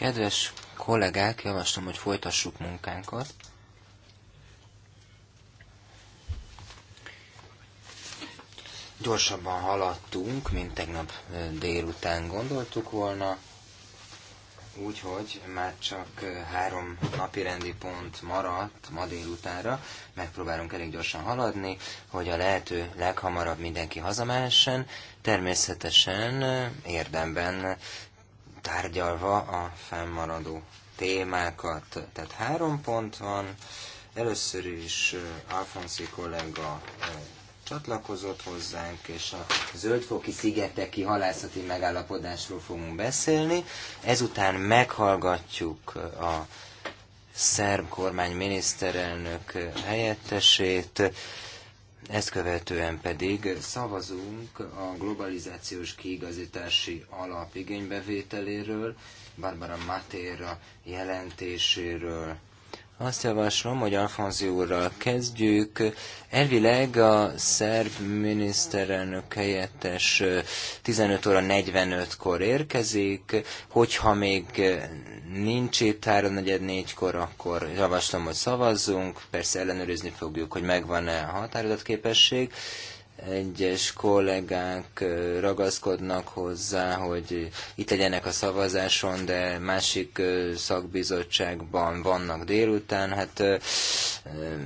Kedves kollégák, javaslom, hogy folytassuk munkánkat. Gyorsabban haladtunk, mint tegnap délután gondoltuk volna, úgyhogy már csak három napi rendi pont maradt ma délutánra. Megpróbálunk elég gyorsan haladni, hogy a lehető leghamarabb mindenki hazamehessen. Természetesen érdemben tárgyalva a fennmaradó témákat. Tehát három pont van. Először is Alfonszi kollega csatlakozott hozzánk, és a zöldfoki szigeteki halászati megállapodásról fogunk beszélni. Ezután meghallgatjuk a szerb kormány miniszterelnök helyettesét, ezt követően pedig szavazunk a globalizációs kiigazítási alap igénybevételéről, Barbara Matéra jelentéséről. Azt javaslom, hogy Alfonzi úrral kezdjük. Elvileg a szerb miniszterelnök helyettes 15 óra 45-kor érkezik, hogyha még nincs itt 3.44-kor, akkor javaslom, hogy szavazzunk, persze ellenőrizni fogjuk, hogy megvan-e a határozatképesség. képesség egyes kollégák ragaszkodnak hozzá, hogy itt legyenek a szavazáson, de másik szakbizottságban vannak délután. Hát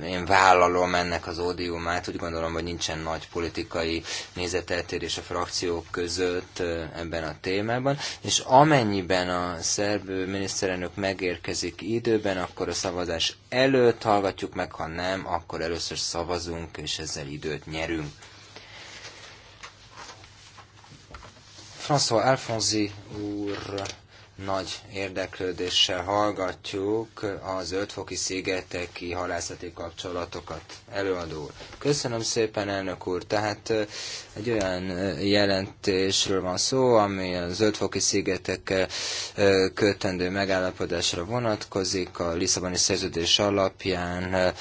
én vállalom ennek az ódiumát, úgy gondolom, hogy nincsen nagy politikai nézeteltérés a frakciók között ebben a témában, és amennyiben a szerb miniszterelnök megérkezik időben, akkor a szavazás előtt hallgatjuk meg, ha nem, akkor először szavazunk, és ezzel időt nyerünk. François Alfonzi úr nagy érdeklődéssel hallgatjuk az ötfoki szigeteki halászati kapcsolatokat előadó. Köszönöm szépen, elnök úr. Tehát egy olyan jelentésről van szó, ami az ötfoki szigetek kötendő megállapodásra vonatkozik. A Lisszaboni szerződés alapján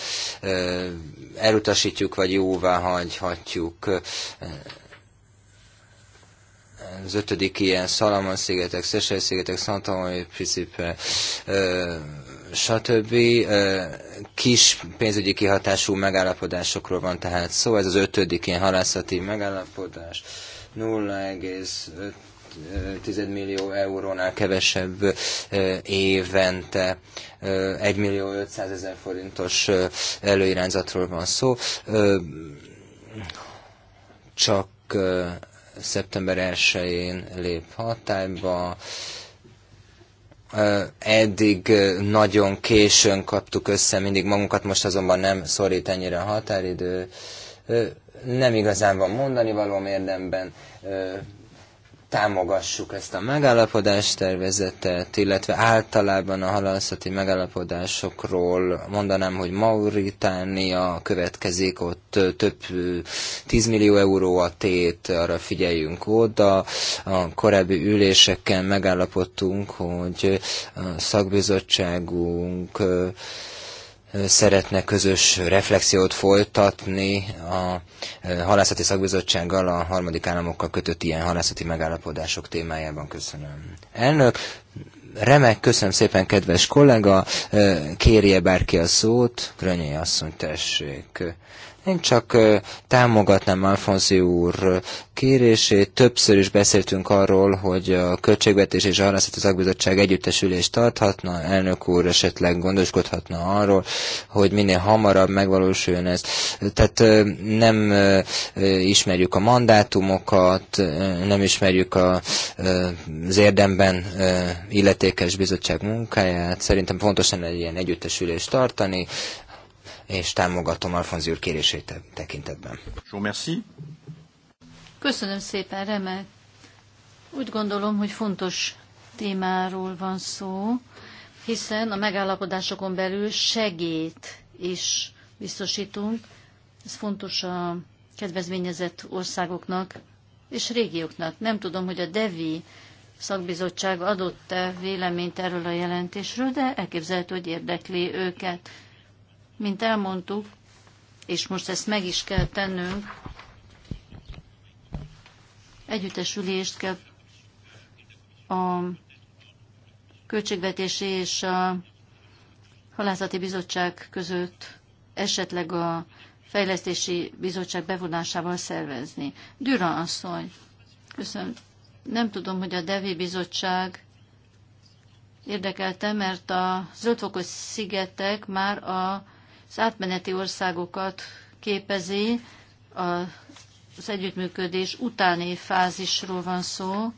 elutasítjuk vagy jóvá hagyhatjuk az ötödik ilyen Salamon-szigetek, Szesely-szigetek, Szantamai Principe, stb. Kis pénzügyi kihatású megállapodásokról van tehát szó, ez az ötödik ilyen halászati megállapodás, 0,5 millió eurónál kevesebb évente 1 millió 500 ezer forintos előirányzatról van szó. Csak szeptember 1-én lép hatályba. Eddig nagyon későn kaptuk össze mindig magunkat, most azonban nem szorít ennyire a határidő. Nem igazán van mondani valóm érdemben támogassuk ezt a megállapodás tervezetet, illetve általában a halászati megállapodásokról mondanám, hogy Mauritánia következik, ott több 10 millió euró a tét, arra figyeljünk oda. A korábbi üléseken megállapodtunk, hogy a szakbizottságunk szeretne közös reflexiót folytatni a e, halászati szakbizottsággal a harmadik államokkal kötött ilyen halászati megállapodások témájában. Köszönöm. Elnök, remek, köszönöm szépen, kedves kollega. E, kérje bárki a szót. Grönyé asszony, tessék. Én csak támogatnám Alfonzi úr kérését. Többször is beszéltünk arról, hogy a Költségvetés és Arrászati Szakbizottság együttesülést tarthatna, elnök úr esetleg gondoskodhatna arról, hogy minél hamarabb megvalósuljon ez. Tehát nem ismerjük a mandátumokat, nem ismerjük a, az érdemben illetékes bizottság munkáját. Szerintem fontos lenne egy ilyen együttesülést tartani, és támogatom Alfonzi úr kérését e tekintetben. Köszönöm szépen, remek. Úgy gondolom, hogy fontos témáról van szó, hiszen a megállapodásokon belül segít is biztosítunk. Ez fontos a kedvezményezett országoknak és régióknak. Nem tudom, hogy a DEVI szakbizottság adott-e véleményt erről a jelentésről, de elképzelhető, hogy érdekli őket. Mint elmondtuk, és most ezt meg is kell tennünk, együttesülést kell a Költségvetési és a Halászati Bizottság között esetleg a Fejlesztési Bizottság bevonásával szervezni. Düra asszony, köszönöm. Nem tudom, hogy a Devi Bizottság érdekelte, mert a zöldfokos szigetek már a az átmeneti országokat képezi, az együttműködés utáni fázisról van szó.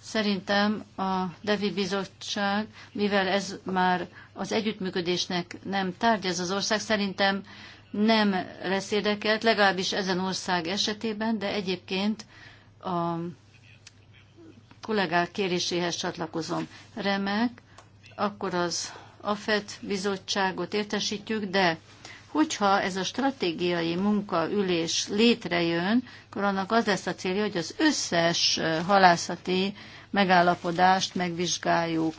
Szerintem a Devi Bizottság, mivel ez már az együttműködésnek nem tárgy ez az ország, szerintem nem lesz érdekelt, legalábbis ezen ország esetében, de egyébként a kollégák kéréséhez csatlakozom. Remek, akkor az a FED bizottságot értesítjük, de hogyha ez a stratégiai munkaülés létrejön, akkor annak az lesz a célja, hogy az összes halászati megállapodást megvizsgáljuk.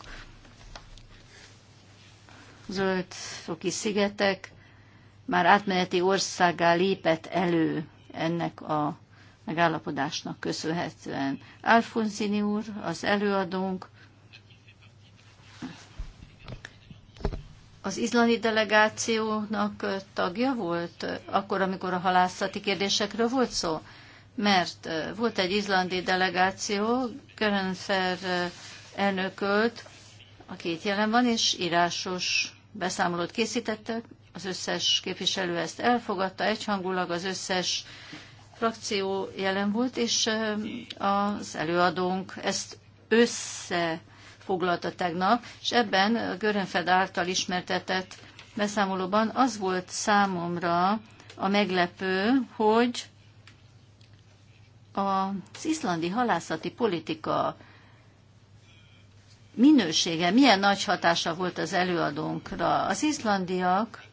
Zöld foki szigetek már átmeneti országá lépett elő ennek a megállapodásnak köszönhetően. Alfonzini úr, az előadónk az izlandi delegációnak tagja volt, akkor, amikor a halászati kérdésekről volt szó? Mert volt egy izlandi delegáció, Görenfer elnökölt, a két jelen van, és írásos beszámolót készítettek, az összes képviselő ezt elfogadta, egyhangulag az összes frakció jelen volt, és az előadónk ezt össze foglalta tegnap, és ebben a Görenfed által ismertetett beszámolóban az volt számomra a meglepő, hogy az izlandi halászati politika minősége milyen nagy hatása volt az előadónkra. Az izlandiak,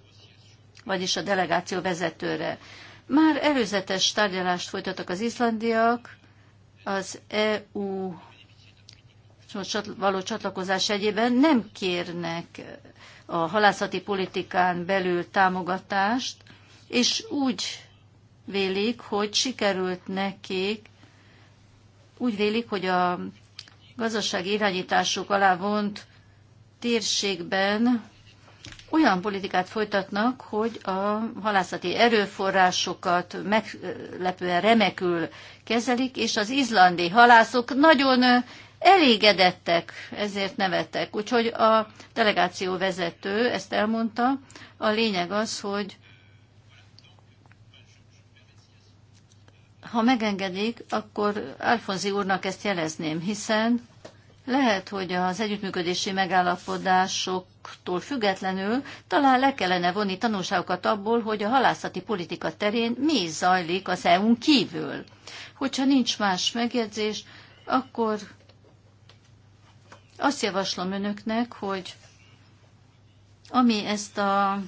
vagyis a delegáció vezetőre, már előzetes tárgyalást folytattak az izlandiak, az EU való csatlakozás egyében nem kérnek a halászati politikán belül támogatást, és úgy vélik, hogy sikerült nekik, úgy vélik, hogy a gazdasági irányításuk alá vont térségben olyan politikát folytatnak, hogy a halászati erőforrásokat meglepően remekül kezelik, és az izlandi halászok nagyon elégedettek, ezért nevettek. Úgyhogy a delegáció vezető ezt elmondta. A lényeg az, hogy ha megengedik, akkor Alfonzi úrnak ezt jelezném, hiszen lehet, hogy az együttműködési megállapodásoktól függetlenül talán le kellene vonni tanulságokat abból, hogy a halászati politika terén mi zajlik az EU-n kívül. Hogyha nincs más megjegyzés, akkor azt javaslom önöknek, hogy ami ezt a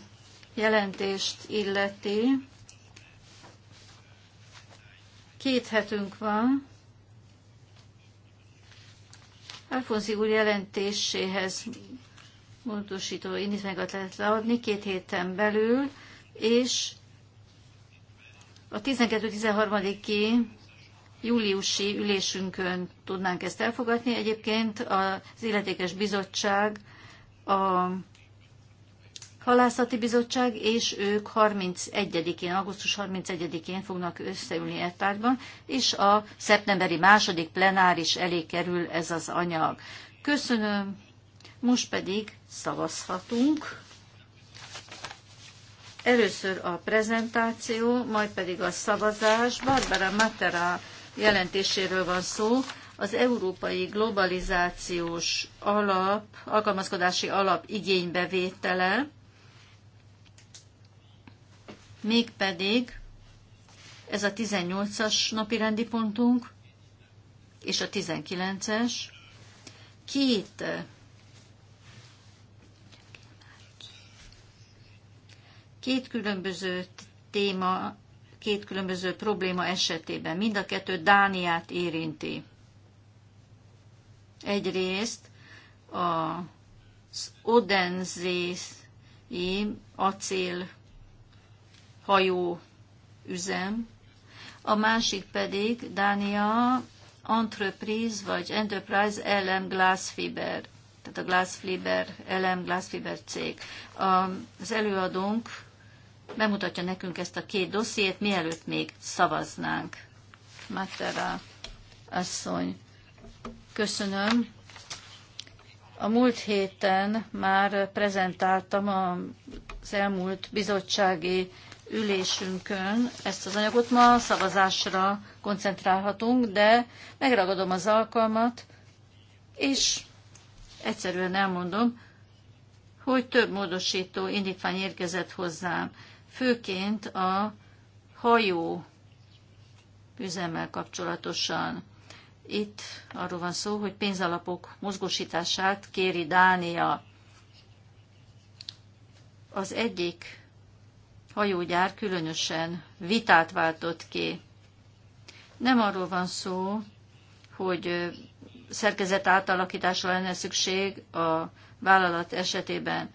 jelentést illeti, két hetünk van, Alfonzi úr jelentéséhez módosító indítványokat lehet leadni két héten belül, és a 12-13-i júliusi ülésünkön tudnánk ezt elfogadni. Egyébként az illetékes bizottság, a halászati bizottság, és ők 31-én, augusztus 31-én fognak összeülni ettárban, és a szeptemberi második plenáris elé kerül ez az anyag. Köszönöm, most pedig szavazhatunk. Először a prezentáció, majd pedig a szavazás. Barbara Matera jelentéséről van szó. Az európai globalizációs alap, alkalmazkodási alap igénybevétele, mégpedig ez a 18-as napi rendi pontunk, és a 19-es. Két két különböző téma két különböző probléma esetében. Mind a kettő Dániát érinti. Egyrészt az Odenzészi acél hajó üzem, a másik pedig Dánia Entreprise vagy Enterprise LM Glassfiber, tehát a Glassfiber, LM Glassfiber cég. Az előadónk bemutatja nekünk ezt a két dossziét, mielőtt még szavaznánk. Matera asszony, köszönöm. A múlt héten már prezentáltam az elmúlt bizottsági ülésünkön ezt az anyagot. Ma szavazásra koncentrálhatunk, de megragadom az alkalmat, és egyszerűen elmondom, hogy több módosító indítvány érkezett hozzám főként a hajó üzemmel kapcsolatosan. Itt arról van szó, hogy pénzalapok mozgósítását kéri Dánia. Az egyik hajógyár különösen vitát váltott ki. Nem arról van szó, hogy szerkezet átalakításra lenne szükség a vállalat esetében.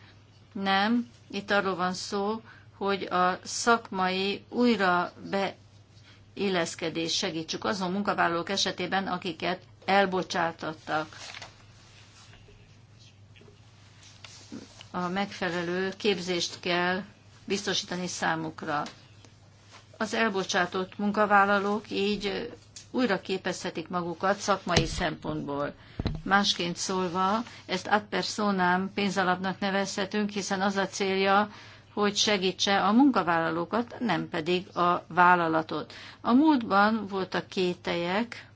Nem, itt arról van szó, hogy a szakmai újra beilleszkedés segítsük azon munkavállalók esetében, akiket elbocsátottak. A megfelelő képzést kell biztosítani számukra. Az elbocsátott munkavállalók így újra képezhetik magukat szakmai szempontból. Másként szólva, ezt ad personam pénzalapnak nevezhetünk, hiszen az a célja, hogy segítse a munkavállalókat, nem pedig a vállalatot. A múltban voltak kételyek,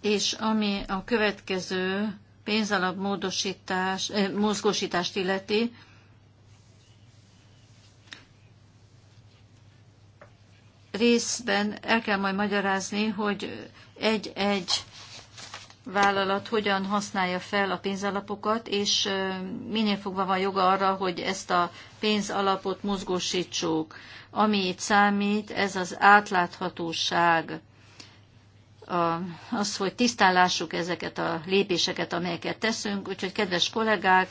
és ami a következő pénzalap módosítás, eh, mozgósítást illeti, részben el kell majd magyarázni, hogy egy-egy vállalat hogyan használja fel a pénzalapokat, és minél fogva van joga arra, hogy ezt a pénzalapot mozgósítsuk. Ami itt számít, ez az átláthatóság, az, hogy tisztán lássuk ezeket a lépéseket, amelyeket teszünk. Úgyhogy, kedves kollégák,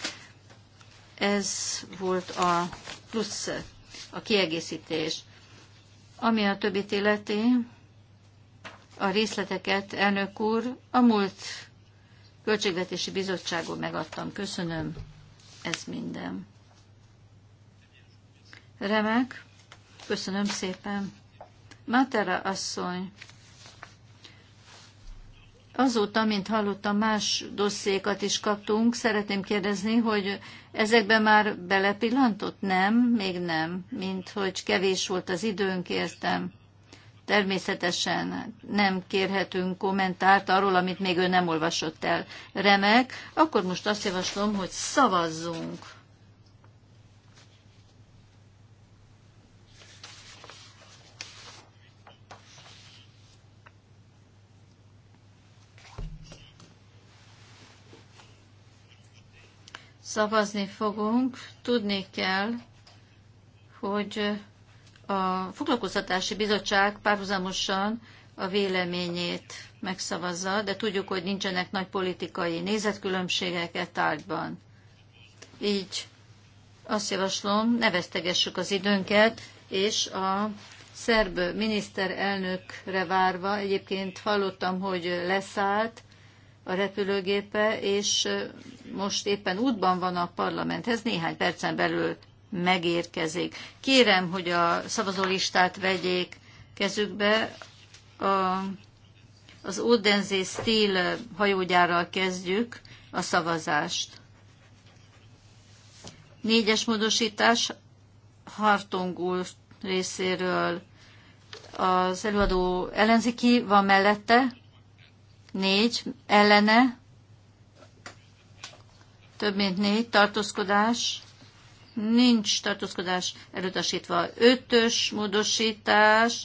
ez volt a plusz, a kiegészítés. Ami a többi illeti, a részleteket, elnök úr, a múlt költségvetési bizottságon megadtam. Köszönöm. Ez minden. Remek. Köszönöm szépen. Matera asszony, azóta, mint hallottam, más dosszékat is kaptunk. Szeretném kérdezni, hogy ezekbe már belepillantott? Nem, még nem. Mint hogy kevés volt az időnk, értem. Természetesen nem kérhetünk kommentárt arról, amit még ő nem olvasott el. Remek. Akkor most azt javaslom, hogy szavazzunk. Szavazni fogunk. Tudni kell, hogy a Foglalkoztatási Bizottság párhuzamosan a véleményét megszavazza, de tudjuk, hogy nincsenek nagy politikai nézetkülönbségek e tárgyban. Így azt javaslom, ne vesztegessük az időnket, és a szerb miniszterelnökre várva, egyébként hallottam, hogy leszállt a repülőgépe, és most éppen útban van a parlamenthez, néhány percen belül megérkezik. Kérem, hogy a szavazólistát vegyék kezükbe. A, az Odense Steel hajógyárral kezdjük a szavazást. Négyes módosítás Hartung úr részéről. Az előadó ellenzéki van mellette, négy ellene, több mint négy tartózkodás, nincs tartózkodás elutasítva. Ötös módosítás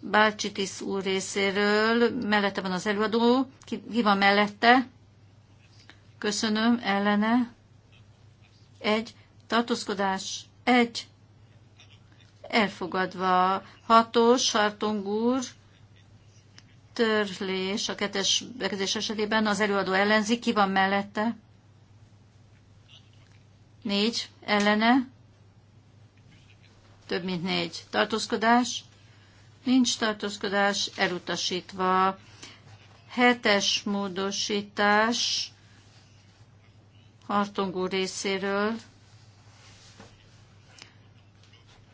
Bácsitis úr részéről, mellette van az előadó, ki, ki van mellette? Köszönöm, ellene. Egy, tartózkodás, egy, elfogadva. Hatos, Sartong úr, törlés a kettes bekezés esetében az előadó ellenzi, ki van mellette? Négy ellene, több mint négy tartózkodás, nincs tartózkodás, elutasítva. Hetes módosítás hartongó részéről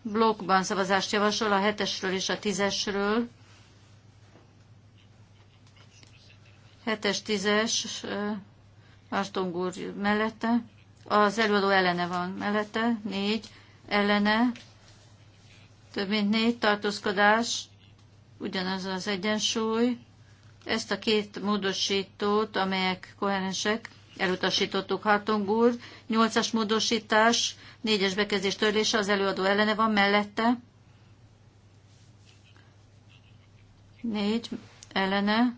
blokkban szavazást javasol a hetesről és a tízesről. Hetes, tízes Hartong úr mellette az előadó ellene van mellette, négy ellene, több mint négy tartózkodás, ugyanaz az egyensúly. Ezt a két módosítót, amelyek koherensek, elutasítottuk hatongúr, nyolcas módosítás, négyes bekezdés törlése, az előadó ellene van mellette. Négy ellene.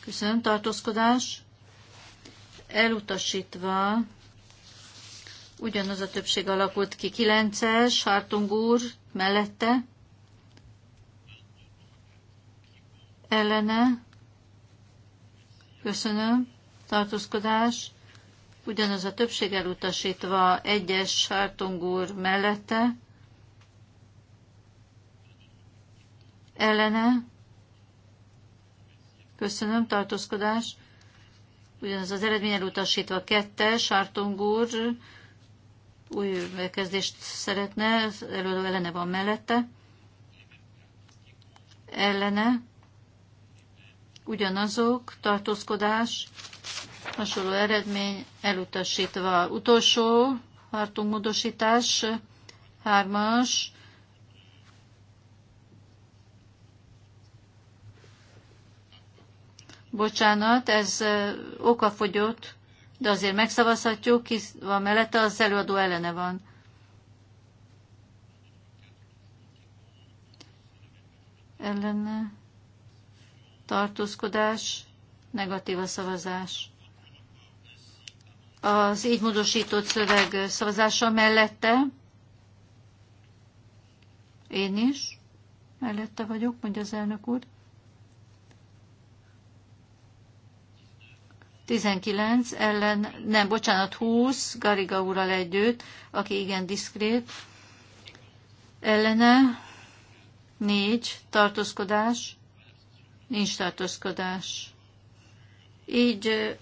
Köszönöm, tartózkodás elutasítva ugyanaz a többség alakult ki. Kilences, Hartung úr mellette, ellene, köszönöm, tartózkodás, ugyanaz a többség elutasítva, egyes es Hartung úr mellette, ellene, köszönöm, tartózkodás, ugyanaz az eredmény elutasítva kettes, Sártong úr új kezdést szeretne, előadó ellene van mellette, ellene, ugyanazok, tartózkodás, hasonló eredmény, elutasítva. Utolsó hartunk módosítás, hármas, Bocsánat, ez okafogyott, de azért megszavazhatjuk, ki van mellette, az előadó ellene van. Ellene. Tartózkodás. Negatív a szavazás. Az így módosított szöveg szavazása mellette. Én is. Mellette vagyok, mondja az elnök úr. 19 ellen, nem, bocsánat, 20 Gariga úrral együtt, aki igen diszkrét, ellene 4 tartózkodás, nincs tartózkodás. Így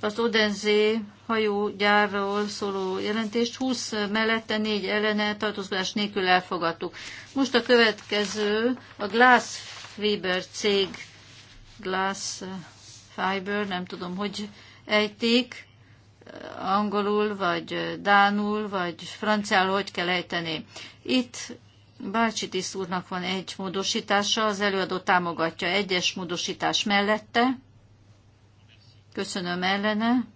az Odenzé hajógyárról szóló jelentést 20 mellette 4 ellene tartózkodás nélkül elfogadtuk. Most a következő a Weber cég Glass Fiber, nem tudom, hogy ejtik, angolul, vagy dánul, vagy franciául, hogy kell ejteni. Itt Bácsitis úrnak van egy módosítása, az előadó támogatja egyes módosítás mellette. Köszönöm ellene.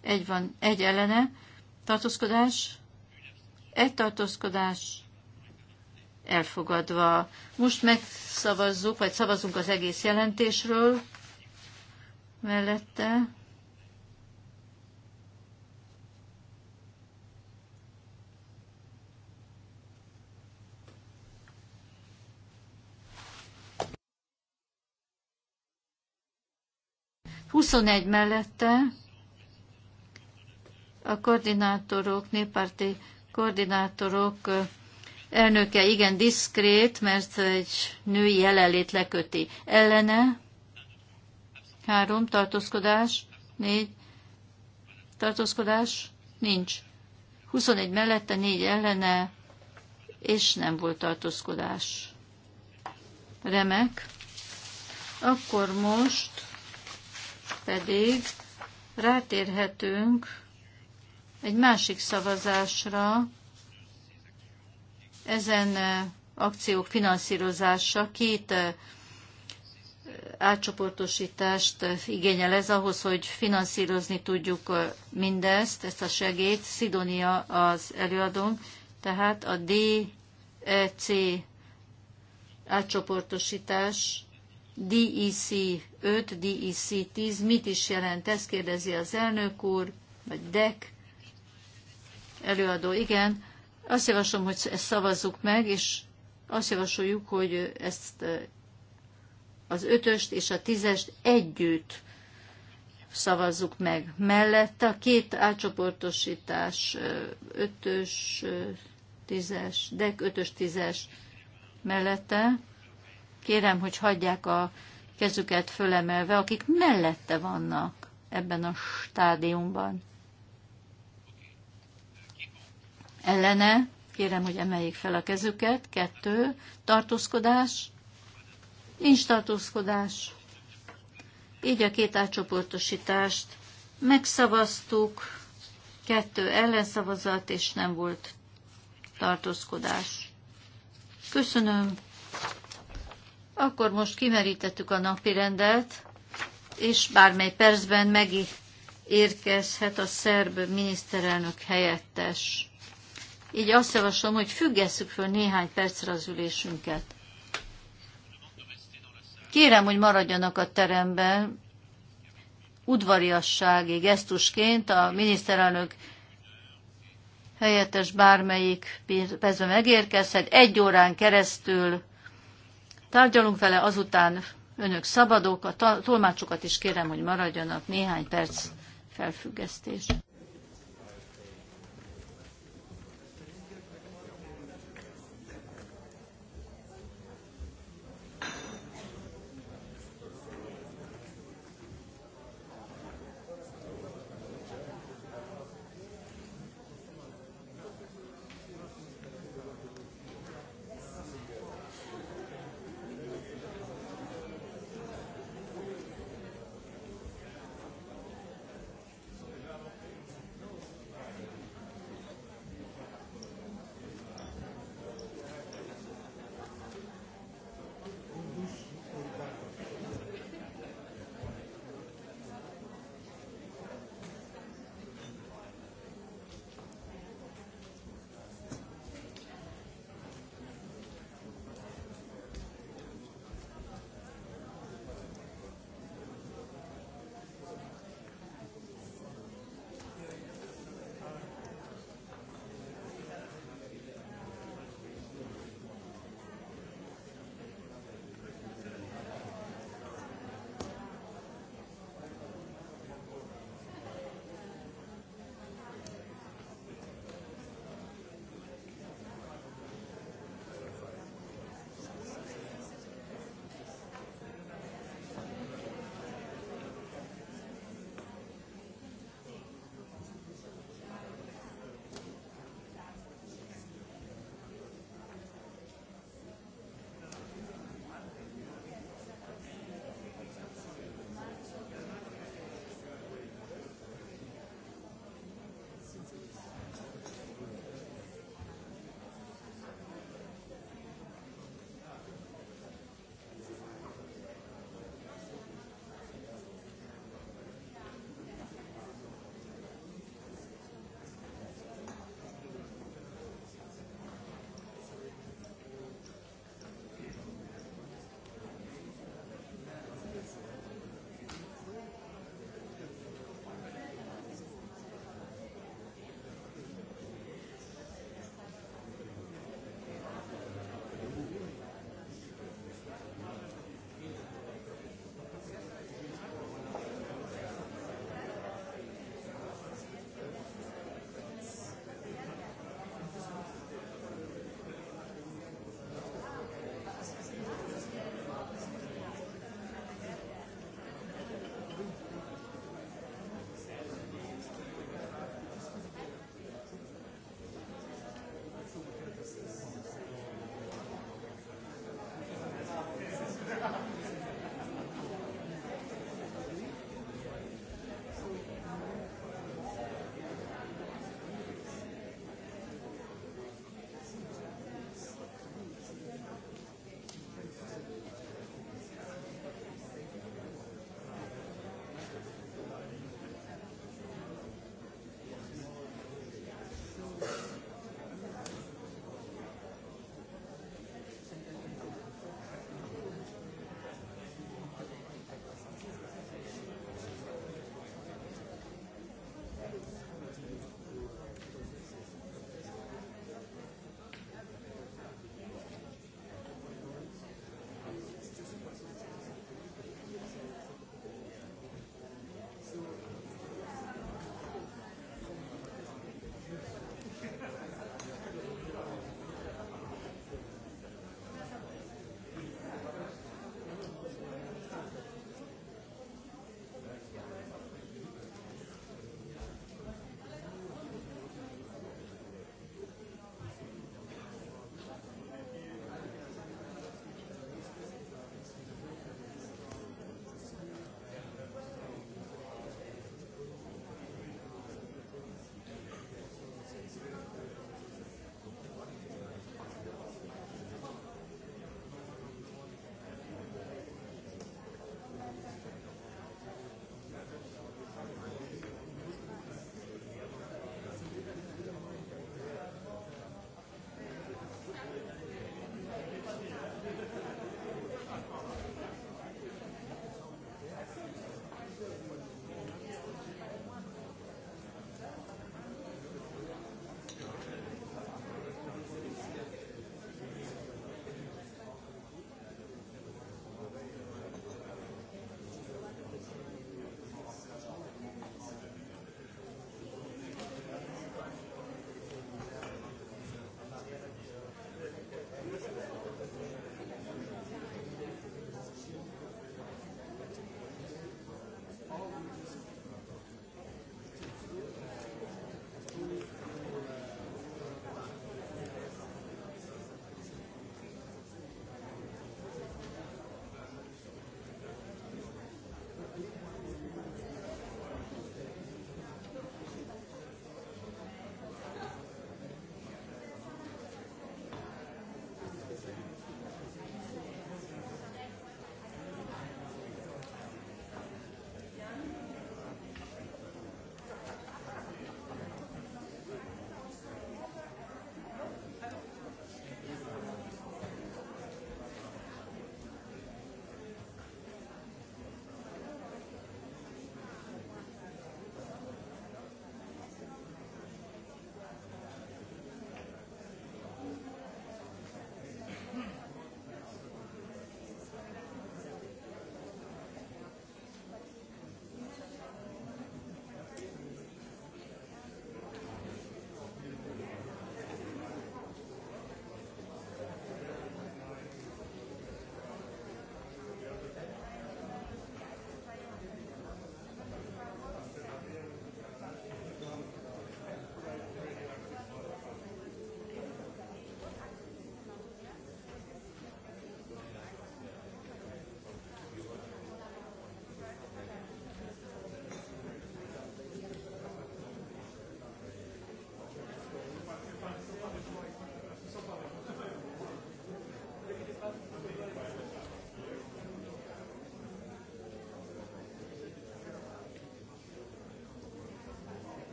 Egy van, egy ellene. Tartózkodás. Egy tartózkodás elfogadva. Most megszavazzuk, vagy szavazunk az egész jelentésről mellette. Huszonegy mellette a koordinátorok, néppárti koordinátorok elnöke igen diszkrét, mert egy női jelenlét leköti. Ellene három tartózkodás, négy tartózkodás nincs. 21 mellette, négy ellene, és nem volt tartózkodás. Remek. Akkor most pedig rátérhetünk egy másik szavazásra, ezen eh, akciók finanszírozása két eh, átcsoportosítást eh, igényel ez ahhoz, hogy finanszírozni tudjuk mindezt, ezt a segét. Szidonia az előadónk, tehát a DEC átcsoportosítás DEC 5, DEC 10, mit is jelent ez, kérdezi az elnök úr, vagy DEC előadó, igen, azt javaslom, hogy ezt szavazzuk meg, és azt javasoljuk, hogy ezt az ötöst és a tízest együtt szavazzuk meg. Mellette a két átcsoportosítás, ötös, tízes, dek ötös, tízes mellette. Kérem, hogy hagyják a kezüket fölemelve, akik mellette vannak ebben a stádiumban. ellene, kérem, hogy emeljék fel a kezüket, kettő, tartózkodás, nincs tartózkodás. Így a két átcsoportosítást megszavaztuk, kettő ellenszavazat, és nem volt tartózkodás. Köszönöm. Akkor most kimerítettük a rendet, és bármely percben megérkezhet a szerb miniszterelnök helyettes. Így azt javaslom, hogy függesszük föl néhány percre az ülésünket. Kérem, hogy maradjanak a teremben, udvariassági gesztusként a miniszterelnök helyettes bármelyik percben megérkezhet. Egy órán keresztül tárgyalunk vele, azután önök szabadok, a tolmácsokat is kérem, hogy maradjanak néhány perc felfüggesztés.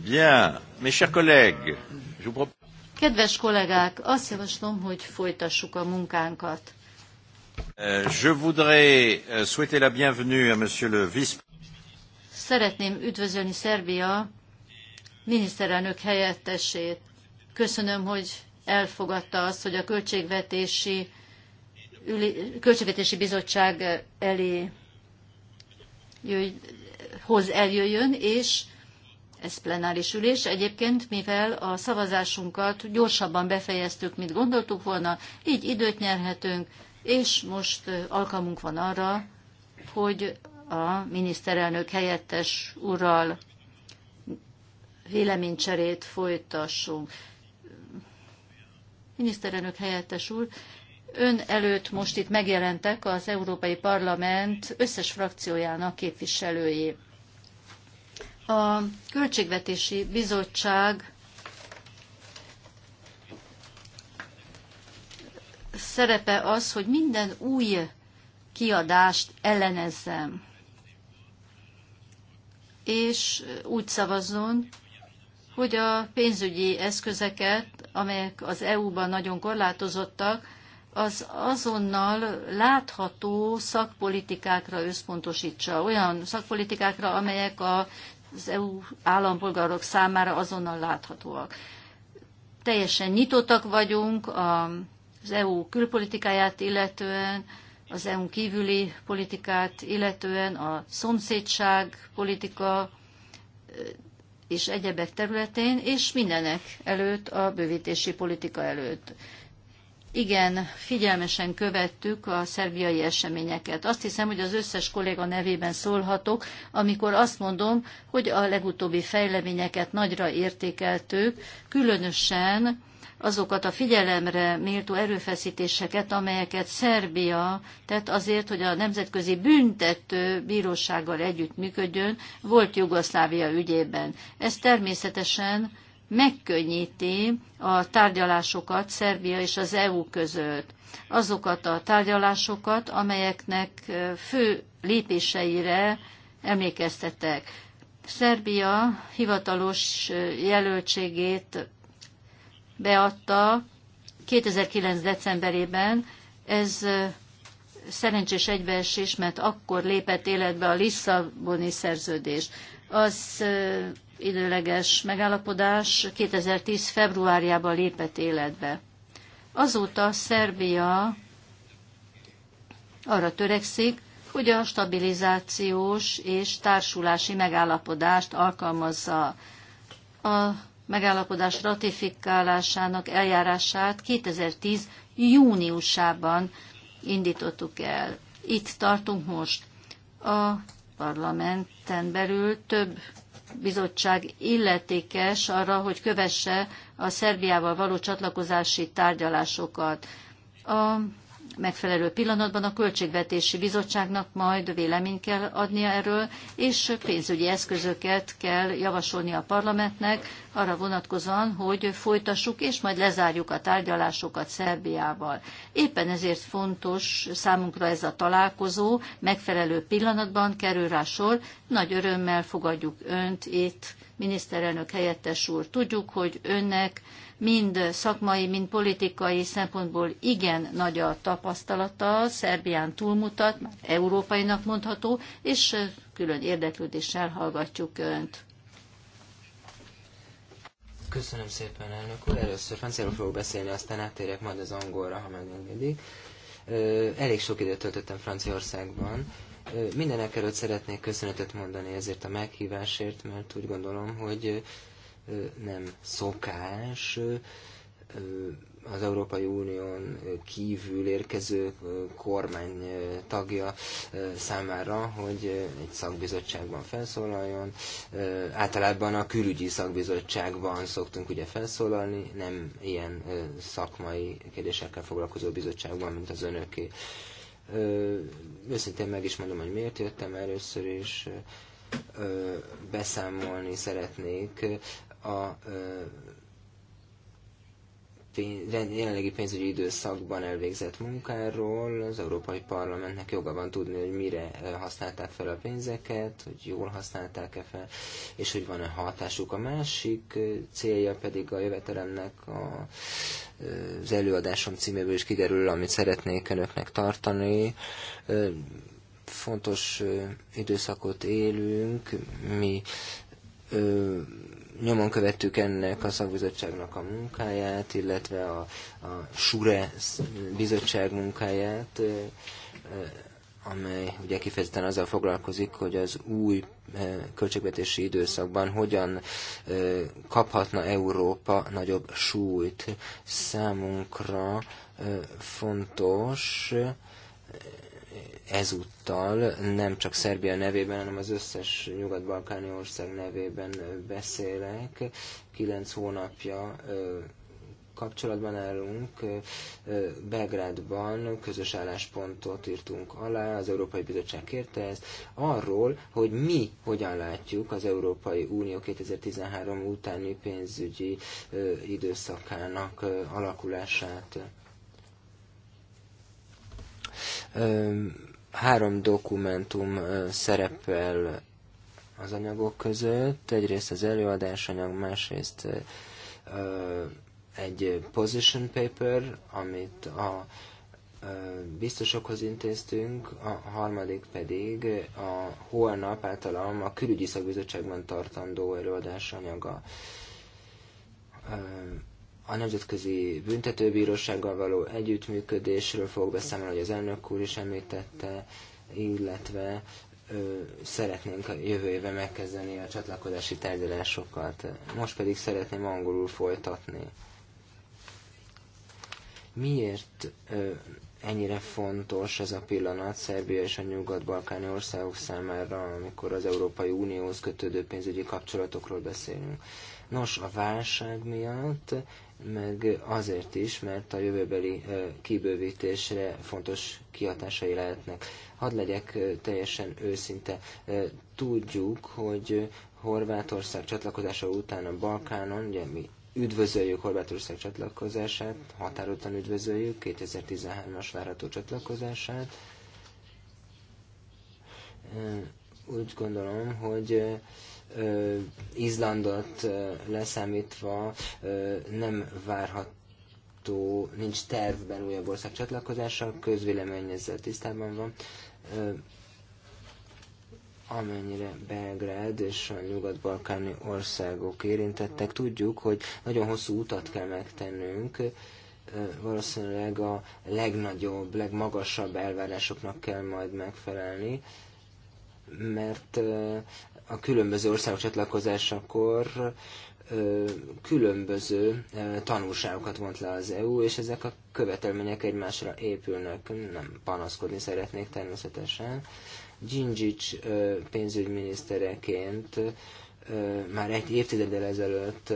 Bien, mes chers collègues, je vous Kedves kollégák, azt javaslom, hogy folytassuk a munkánkat. Euh, je voudrais euh, souhaiter la bienvenue à monsieur le vice Szeretném üdvözölni Szerbia miniszterelnök helyettesét. Köszönöm, hogy elfogadta azt, hogy a költségvetési, üli, költségvetési bizottság elé jöjj, hoz eljöjjön, és ez plenáris ülés. Egyébként, mivel a szavazásunkat gyorsabban befejeztük, mint gondoltuk volna, így időt nyerhetünk, és most alkalmunk van arra, hogy a miniszterelnök helyettes urral véleménycserét folytassunk. Miniszterelnök helyettes úr, ön előtt most itt megjelentek az Európai Parlament összes frakciójának képviselői. A Költségvetési Bizottság szerepe az, hogy minden új kiadást ellenezzem, és úgy szavazzon, hogy a pénzügyi eszközeket, amelyek az EU-ban nagyon korlátozottak, az azonnal látható szakpolitikákra összpontosítsa, olyan szakpolitikákra, amelyek a az EU állampolgárok számára azonnal láthatóak. Teljesen nyitottak vagyunk az EU külpolitikáját illetően, az EU kívüli politikát illetően, a szomszédság politika és egyebek területén, és mindenek előtt a bővítési politika előtt igen figyelmesen követtük a szerbiai eseményeket. Azt hiszem, hogy az összes kolléga nevében szólhatok, amikor azt mondom, hogy a legutóbbi fejleményeket nagyra értékeltük, különösen azokat a figyelemre méltó erőfeszítéseket, amelyeket Szerbia tett azért, hogy a Nemzetközi Büntető Bírósággal együttműködjön, volt Jugoszlávia ügyében. Ez természetesen megkönnyíti a tárgyalásokat Szerbia és az EU között. Azokat a tárgyalásokat, amelyeknek fő lépéseire emlékeztetek. Szerbia hivatalos jelöltségét beadta 2009. decemberében. Ez szerencsés egybeesés, mert akkor lépett életbe a Lisszaboni szerződés. Az időleges megállapodás 2010. februárjában lépett életbe. Azóta Szerbia arra törekszik, hogy a stabilizációs és társulási megállapodást alkalmazza. A megállapodás ratifikálásának eljárását 2010. júniusában indítottuk el. Itt tartunk most. A parlamenten belül több bizottság illetékes arra, hogy kövesse a Szerbiával való csatlakozási tárgyalásokat. A megfelelő pillanatban a Költségvetési Bizottságnak majd véleményt kell adnia erről, és pénzügyi eszközöket kell javasolni a parlamentnek arra vonatkozóan, hogy folytassuk, és majd lezárjuk a tárgyalásokat Szerbiával. Éppen ezért fontos számunkra ez a találkozó, megfelelő pillanatban kerül rá sor, nagy örömmel fogadjuk Önt itt, miniszterelnök helyettes úr. Tudjuk, hogy Önnek mind szakmai, mind politikai szempontból igen nagy a tapasztalata, Szerbián túlmutat, már európainak mondható, és külön érdeklődéssel hallgatjuk Önt. Köszönöm szépen, elnök úr. Először franciáról fogok beszélni, aztán áttérek majd az angolra, ha megengedik. Elég sok időt töltöttem Franciaországban. Mindenek előtt szeretnék köszönetet mondani ezért a meghívásért, mert úgy gondolom, hogy nem szokás az Európai Unión kívül érkező kormány tagja számára, hogy egy szakbizottságban felszólaljon. Általában a külügyi szakbizottságban szoktunk ugye felszólalni, nem ilyen szakmai kérdésekkel foglalkozó bizottságban, mint az önöké. Őszintén meg is mondom, hogy miért jöttem először is beszámolni szeretnék a jelenlegi pénzügyi időszakban elvégzett munkáról. Az Európai Parlamentnek joga van tudni, hogy mire használták fel a pénzeket, hogy jól használták-e fel, és hogy van-e hatásuk. A másik célja pedig a jövetelemnek a, az előadásom címéből is kiderül, amit szeretnék önöknek tartani. Fontos időszakot élünk, mi nyomon követtük ennek a szakbizottságnak a munkáját, illetve a, a SURE bizottság munkáját, amely ugye kifejezetten azzal foglalkozik, hogy az új költségvetési időszakban hogyan kaphatna Európa nagyobb súlyt. Számunkra fontos, ezúttal nem csak Szerbia nevében, hanem az összes nyugat-balkáni ország nevében beszélek. Kilenc hónapja kapcsolatban állunk. Belgrádban közös álláspontot írtunk alá, az Európai Bizottság kérte ezt, arról, hogy mi hogyan látjuk az Európai Unió 2013 utáni pénzügyi időszakának alakulását Három dokumentum szerepel az anyagok között, egyrészt az előadásanyag, másrészt egy position paper, amit a biztosokhoz intéztünk, a harmadik pedig a holnap általam a külügyi szakbizottságban tartandó előadásanyaga. anyaga a Nemzetközi Büntetőbírósággal való együttműködésről fog beszámolni, hogy az elnök úr is említette, illetve ö, szeretnénk a jövő éve megkezdeni a csatlakozási tárgyalásokat. Most pedig szeretném angolul folytatni. Miért ö, ennyire fontos ez a pillanat Szerbia és a nyugat-balkáni országok számára, amikor az Európai Unióhoz kötődő pénzügyi kapcsolatokról beszélünk? Nos, a válság miatt, meg azért is, mert a jövőbeli kibővítésre fontos kihatásai lehetnek. Hadd legyek teljesen őszinte. Tudjuk, hogy Horvátország csatlakozása után a Balkánon, ugye mi üdvözöljük Horvátország csatlakozását, határozottan üdvözöljük 2013-as várható csatlakozását. Úgy gondolom, hogy Izlandot leszámítva nem várhat nincs tervben újabb ország csatlakozása, közvélemény ezzel tisztában van amennyire Belgrád és a nyugat-balkáni országok érintettek, tudjuk, hogy nagyon hosszú utat kell megtennünk, valószínűleg a legnagyobb, legmagasabb elvárásoknak kell majd megfelelni, mert a különböző országok csatlakozásakor különböző tanulságokat vont le az EU, és ezek a követelmények egymásra épülnek. Nem panaszkodni szeretnék természetesen. Gingic pénzügyminisztereként már egy évtizeddel ezelőtt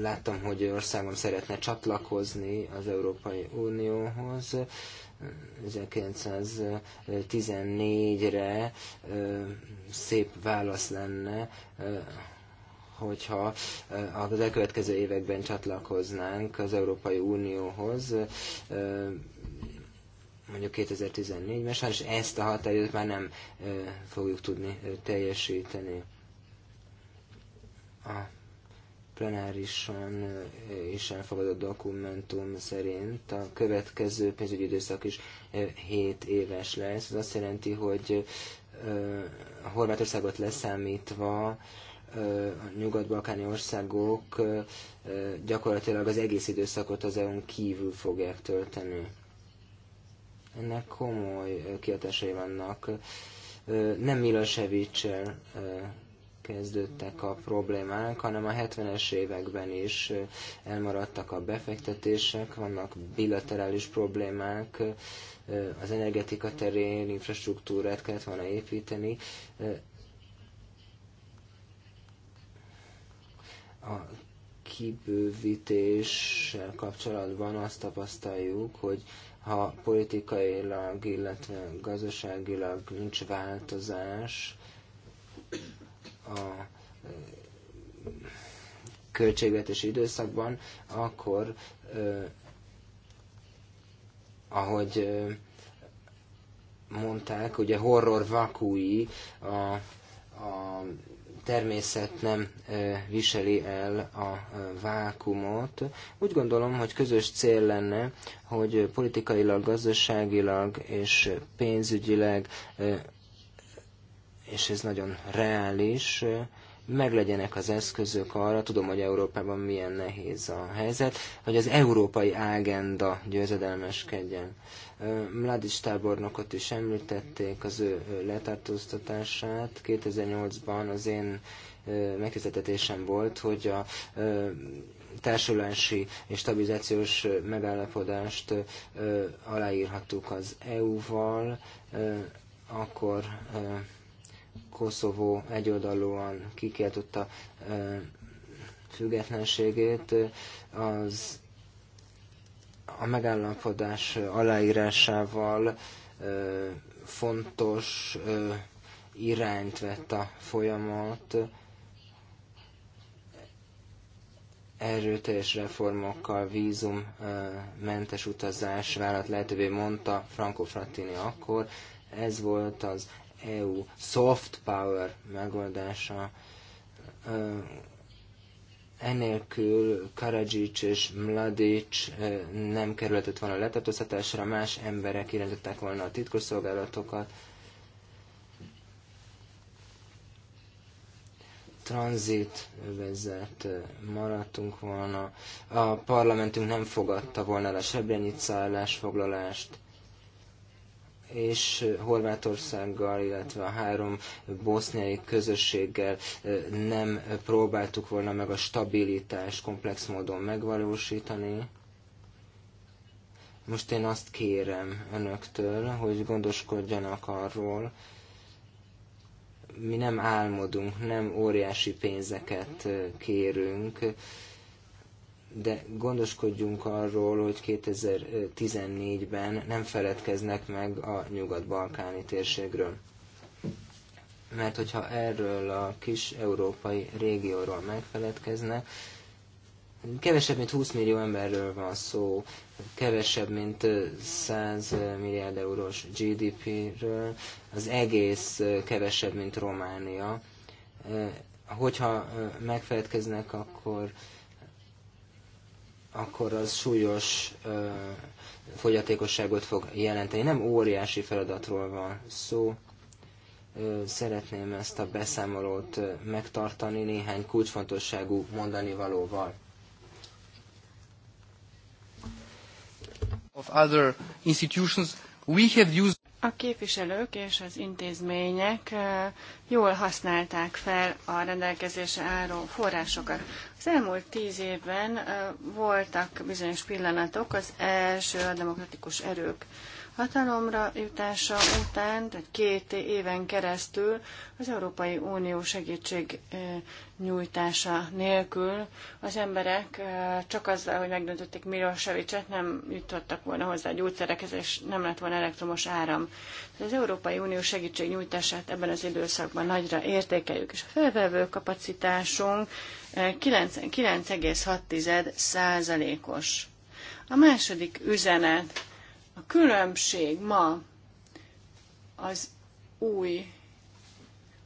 láttam, hogy országom szeretne csatlakozni az Európai Unióhoz. 1914-re szép válasz lenne, hogyha az elkövetkező években csatlakoznánk az Európai Unióhoz, mondjuk 2014-ben, sajnos ezt a határidőt már nem fogjuk tudni teljesíteni. A plenárisan és elfogadott dokumentum szerint a következő pénzügyi időszak is 7 éves lesz. Ez azt jelenti, hogy Horvátországot leszámítva a nyugat-balkáni országok gyakorlatilag az egész időszakot az EU-n kívül fogják tölteni. Ennek komoly kiadásai vannak. Nem milosevic kezdődtek a problémák, hanem a 70-es években is elmaradtak a befektetések, vannak bilaterális problémák, az energetika terén infrastruktúrát kellett volna építeni. A kibővítéssel kapcsolatban azt tapasztaljuk, hogy ha politikailag, illetve gazdaságilag nincs változás, a költségvetési időszakban, akkor ahogy mondták, ugye horror vakúi a, a természet nem viseli el a vákumot. Úgy gondolom, hogy közös cél lenne, hogy politikailag, gazdaságilag és pénzügyileg és ez nagyon reális, meglegyenek az eszközök arra, tudom, hogy Európában milyen nehéz a helyzet, hogy az európai ágenda győzedelmeskedjen. Mladic tábornokot is említették, az ő letartóztatását. 2008-ban az én megtiszteltetésem volt, hogy a társulási és stabilizációs megállapodást aláírhattuk az EU-val, akkor Koszovó egyoldalúan kikiáltotta függetlenségét, az a megállapodás aláírásával fontos irányt vett a folyamat, erőteljes reformokkal vízummentes utazás vállalt lehetővé mondta Franco Frattini akkor. Ez volt az EU soft power megoldása. Enélkül Karadzsics és Mladic nem kerülhetett volna letartóztatásra, más emberek irányították volna a titkosszolgálatokat. tranzit övezet maradtunk volna. A parlamentünk nem fogadta volna el a Srebrenica állásfoglalást és Horvátországgal, illetve a három boszniai közösséggel nem próbáltuk volna meg a stabilitást komplex módon megvalósítani. Most én azt kérem önöktől, hogy gondoskodjanak arról, mi nem álmodunk, nem óriási pénzeket kérünk, de gondoskodjunk arról, hogy 2014-ben nem feledkeznek meg a nyugat-balkáni térségről. Mert hogyha erről a kis európai régióról megfeledkeznek, kevesebb, mint 20 millió emberről van szó, kevesebb, mint 100 milliárd eurós GDP-ről, az egész kevesebb, mint Románia. Hogyha megfeledkeznek, akkor akkor az súlyos fogyatékosságot fog jelenteni. Nem óriási feladatról van szó. Szeretném ezt a beszámolót megtartani néhány kulcsfontosságú mondani valóval. Of other institutions, we have used a képviselők és az intézmények jól használták fel a rendelkezésre álló forrásokat. Az elmúlt tíz évben voltak bizonyos pillanatok, az első a demokratikus erők hatalomra jutása után, tehát két éven keresztül az Európai Unió segítség nyújtása nélkül az emberek csak azzal, hogy megdöntötték Milosevicet, nem jutottak volna hozzá a gyógyszerekhez, és nem lett volna elektromos áram. Az Európai Unió segítség nyújtását ebben az időszakban nagyra értékeljük, és a felvevő kapacitásunk 99,6 százalékos. A második üzenet a különbség ma az új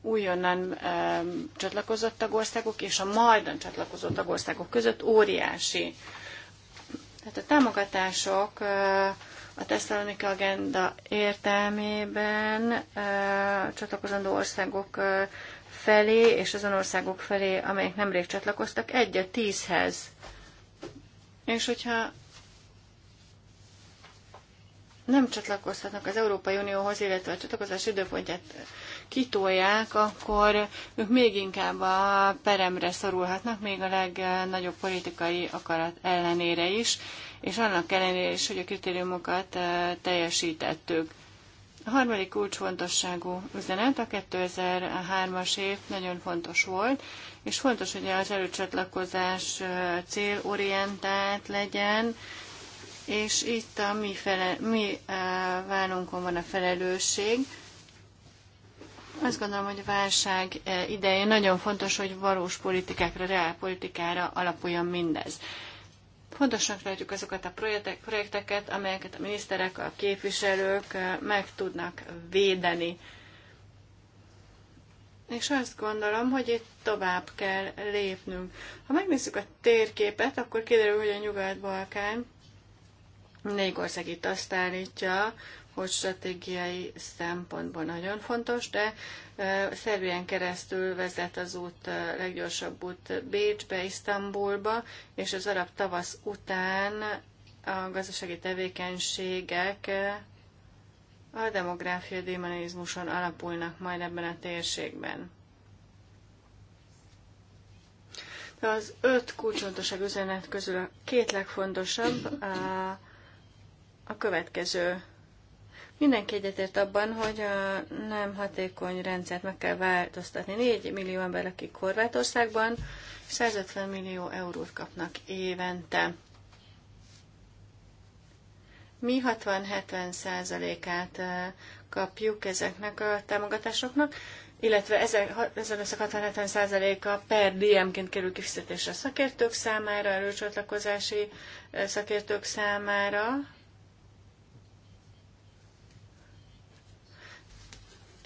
újonnan um, csatlakozott tagországok és a majdan csatlakozott tagországok között óriási. Tehát a támogatások a Thessaloniki agenda értelmében csatlakozandó országok felé és azon országok felé, amelyek nemrég csatlakoztak, egy a tízhez. És hogyha nem csatlakozhatnak az Európai Unióhoz, illetve a csatlakozás időpontját kitolják, akkor ők még inkább a peremre szorulhatnak, még a legnagyobb politikai akarat ellenére is, és annak ellenére is, hogy a kritériumokat teljesítettük. A harmadik kulcsfontosságú üzenet a 2003-as év nagyon fontos volt, és fontos, hogy az előcsatlakozás célorientált legyen, és itt a mi, fele, mi eh, vállunkon van a felelősség. Azt gondolom, hogy a válság eh, idején nagyon fontos, hogy valós politikákra, reálpolitikára alapuljon mindez. Fontosnak tartjuk azokat a projekteket, amelyeket a miniszterek, a képviselők eh, meg tudnak védeni. És azt gondolom, hogy itt tovább kell lépnünk. Ha megnézzük a térképet, akkor kiderül, hogy a Nyugat-Balkán ország itt azt állítja, hogy stratégiai szempontból nagyon fontos, de Szerbien keresztül vezet az út, leggyorsabb út Bécsbe, Isztambulba, és az arab tavasz után a gazdasági tevékenységek a demográfia démonizmuson alapulnak majd ebben a térségben. De az öt kulcsontoság üzenet közül a két legfontosabb a a következő. Mindenki egyetért abban, hogy a nem hatékony rendszert meg kell változtatni. 4 millió ember akik Horvátországban, 150 millió eurót kapnak évente. Mi 60-70 százalékát kapjuk ezeknek a támogatásoknak, illetve ezen, a 60-70 százaléka per DM-ként kerül kifizetésre a szakértők számára, előcsatlakozási szakértők számára,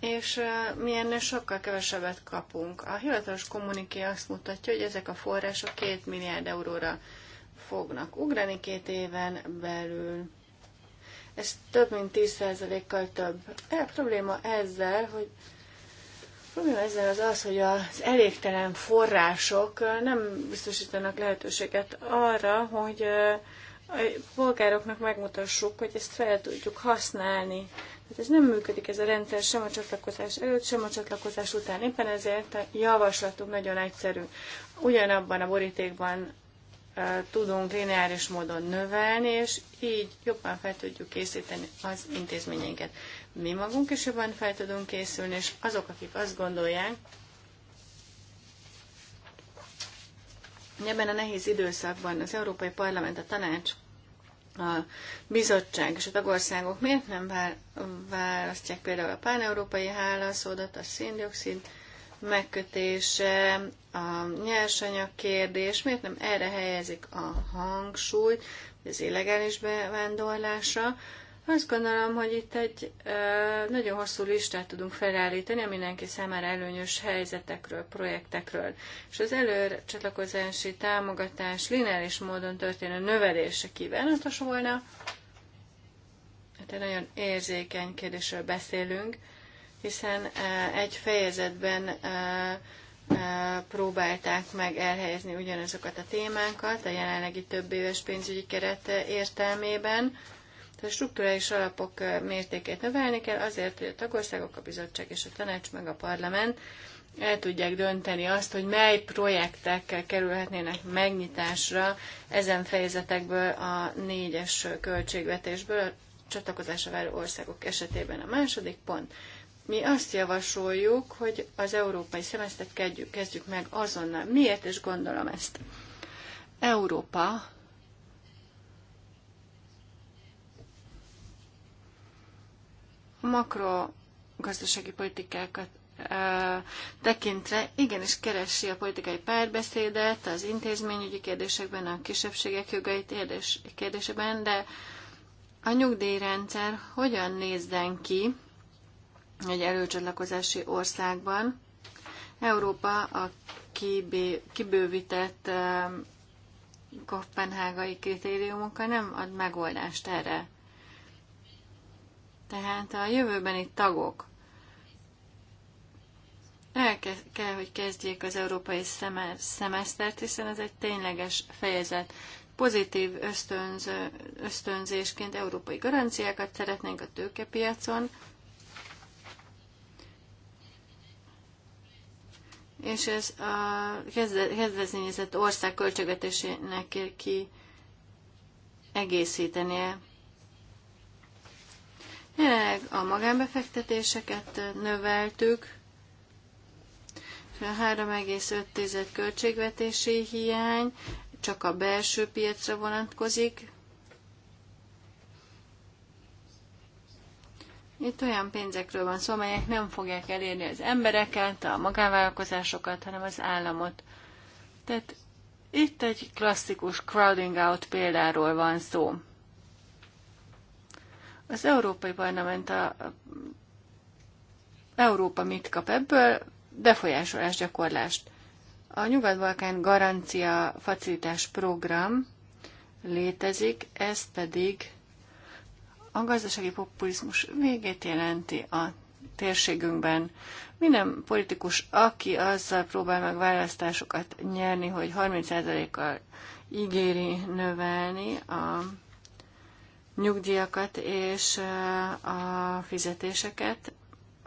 és mi ennél sokkal kevesebbet kapunk. A hivatalos kommuniké azt mutatja, hogy ezek a források 2 milliárd euróra fognak ugrani két éven belül. Ez több mint 10%-kal több. A probléma ezzel, hogy a probléma ezzel az az, hogy az elégtelen források nem biztosítanak lehetőséget arra, hogy a polgároknak megmutassuk, hogy ezt fel tudjuk használni. Hát ez nem működik ez a rendszer sem a csatlakozás előtt, sem a csatlakozás után. Éppen ezért a javaslatunk nagyon egyszerű. Ugyanabban a borítékban e, tudunk lineáris módon növelni, és így jobban fel tudjuk készíteni az intézményeinket. Mi magunk is jobban fel tudunk készülni, és azok, akik azt gondolják, hogy ebben a nehéz időszakban az Európai Parlament, a tanács a bizottság és a tagországok miért nem választják például a páneurópai hálaszódat, a széndiokszid megkötése, a nyersanyag kérdés, miért nem erre helyezik a hangsúlyt, az illegális bevándorlásra, azt gondolom, hogy itt egy ö, nagyon hosszú listát tudunk felállítani, a mindenki számára előnyös helyzetekről, projektekről. És az előcsatlakozási támogatás lineáris módon történő növelése kívánatos volna. Hát egy nagyon érzékeny kérdésről beszélünk, hiszen ö, egy fejezetben ö, próbálták meg elhelyezni ugyanazokat a témákat a jelenlegi több éves pénzügyi keret értelmében a strukturális alapok mértékét növelni kell azért, hogy a tagországok, a bizottság és a tanács meg a parlament el tudják dönteni azt, hogy mely projektek kerülhetnének megnyitásra ezen fejezetekből a négyes költségvetésből a csatlakozásra váró országok esetében. A második pont. Mi azt javasoljuk, hogy az európai szemesztet kezdjük, kezdjük meg azonnal. Miért is gondolom ezt? Európa makrogazdasági politikákat tekintve igenis keresi a politikai párbeszédet az intézményügyi kérdésekben, a kisebbségek jogait kérdésekben, de a nyugdíjrendszer hogyan nézzen ki egy előcsatlakozási országban? Európa a kibővített kopenhágai kritériumokkal nem ad megoldást erre. Tehát a jövőbeni tagok el kell, hogy kezdjék az európai szemesztert, hiszen ez egy tényleges fejezet. Pozitív ösztönz, ösztönzésként európai garanciákat szeretnénk a tőkepiacon, és ez a kezdezményezett ország költségvetésének ki egészítenie Jelenleg a magánbefektetéseket növeltük, a 3,5 költségvetési hiány csak a belső piacra vonatkozik. Itt olyan pénzekről van szó, amelyek nem fogják elérni az embereket, a magánvállalkozásokat, hanem az államot. Tehát itt egy klasszikus crowding out példáról van szó. Az Európai Parlament a Európa mit kap ebből? Befolyásolás gyakorlást. A Nyugat-Balkán Garancia Facilitás Program létezik, ez pedig a gazdasági populizmus végét jelenti a térségünkben. Minden politikus, aki azzal próbál meg választásokat nyerni, hogy 30%-kal ígéri növelni a nyugdíjakat és a fizetéseket,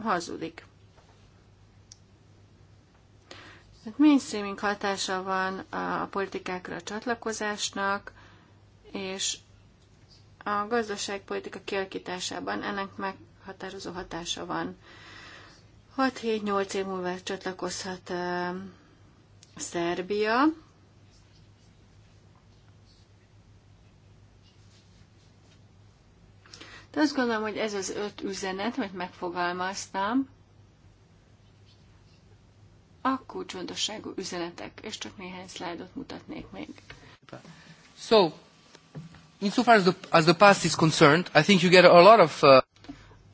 hazudik. Tehát mainstreaming hatása van a politikákra a csatlakozásnak, és a gazdaságpolitika kialakításában ennek meghatározó hatása van. 6-7-8 év múlva csatlakozhat Szerbia, De azt gondolom, hogy ez az öt üzenet, amit megfogalmaztam, a kulcsfontosságú üzenetek, és csak néhány szlájdot mutatnék még. So, insofar as the, as the past is concerned, I think you get a lot of... Uh...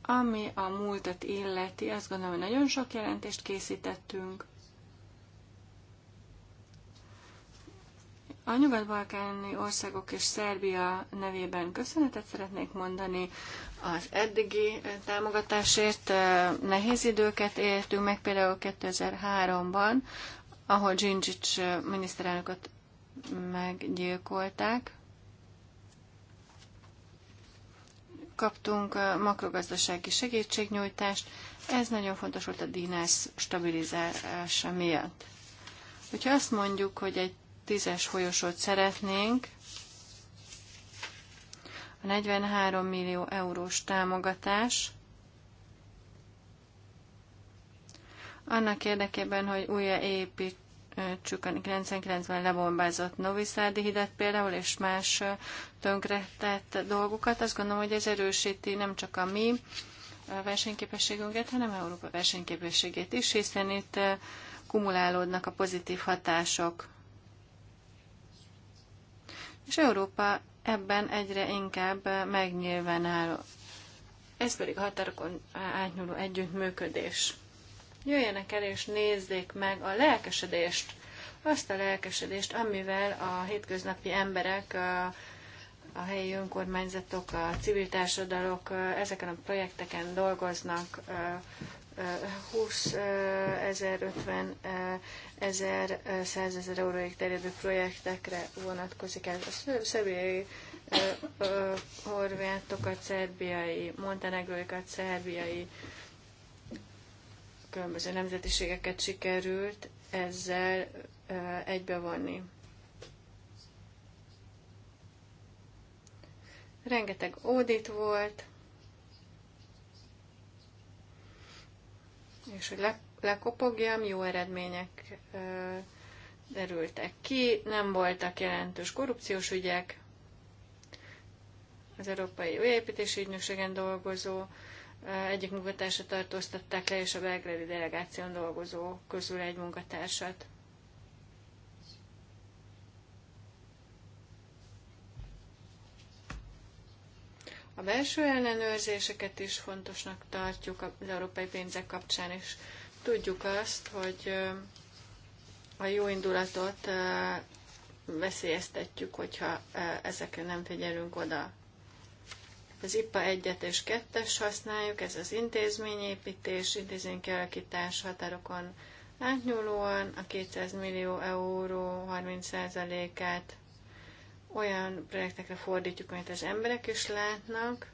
Ami a múltat illeti, azt gondolom, hogy nagyon sok jelentést készítettünk, A nyugat-balkáni országok és Szerbia nevében köszönetet szeretnék mondani az eddigi támogatásért. Nehéz időket éltünk meg például 2003-ban, ahol Dzsindzsics miniszterelnököt meggyilkolták. Kaptunk makrogazdasági segítségnyújtást, ez nagyon fontos volt a dinász stabilizálása miatt. Hogyha azt mondjuk, hogy egy tízes folyosót szeretnénk, a 43 millió eurós támogatás annak érdekében, hogy újra építsük a 99-ben lebombázott Noviszádi hidet például, és más tönkretett dolgokat. Azt gondolom, hogy ez erősíti nem csak a mi versenyképességünket, hanem Európa versenyképességét is, hiszen itt kumulálódnak a pozitív hatások és Európa ebben egyre inkább áll. Ez pedig a határokon átnyúló együttműködés. Jöjjenek el és nézzék meg a lelkesedést, azt a lelkesedést, amivel a hétköznapi emberek, a, a helyi önkormányzatok, a civil társadalok ezeken a projekteken dolgoznak, 20 ezer, 50 ezer, százezer euróig terjedő projektekre vonatkozik ez. A szöbiai horvátokat, szerbiai, montenegróikat, szerbiai különböző nemzetiségeket sikerült ezzel egybevonni. Rengeteg ódit volt, és hogy le lekopogjam, jó eredmények derültek ki, nem voltak jelentős korrupciós ügyek, az Európai Újépítési Ügynökségen dolgozó egyik munkatársa tartóztatták le, és a belgrádi delegáción dolgozó közül egy munkatársat. A belső ellenőrzéseket is fontosnak tartjuk az európai pénzek kapcsán, és Tudjuk azt, hogy a jó indulatot veszélyeztetjük, hogyha ezekre nem figyelünk oda. Az IPA 1 és 2 használjuk, ez az intézményépítés, intézménykialakítás határokon átnyúlóan a 200 millió euró 30%-át olyan projektekre fordítjuk, amit az emberek is látnak,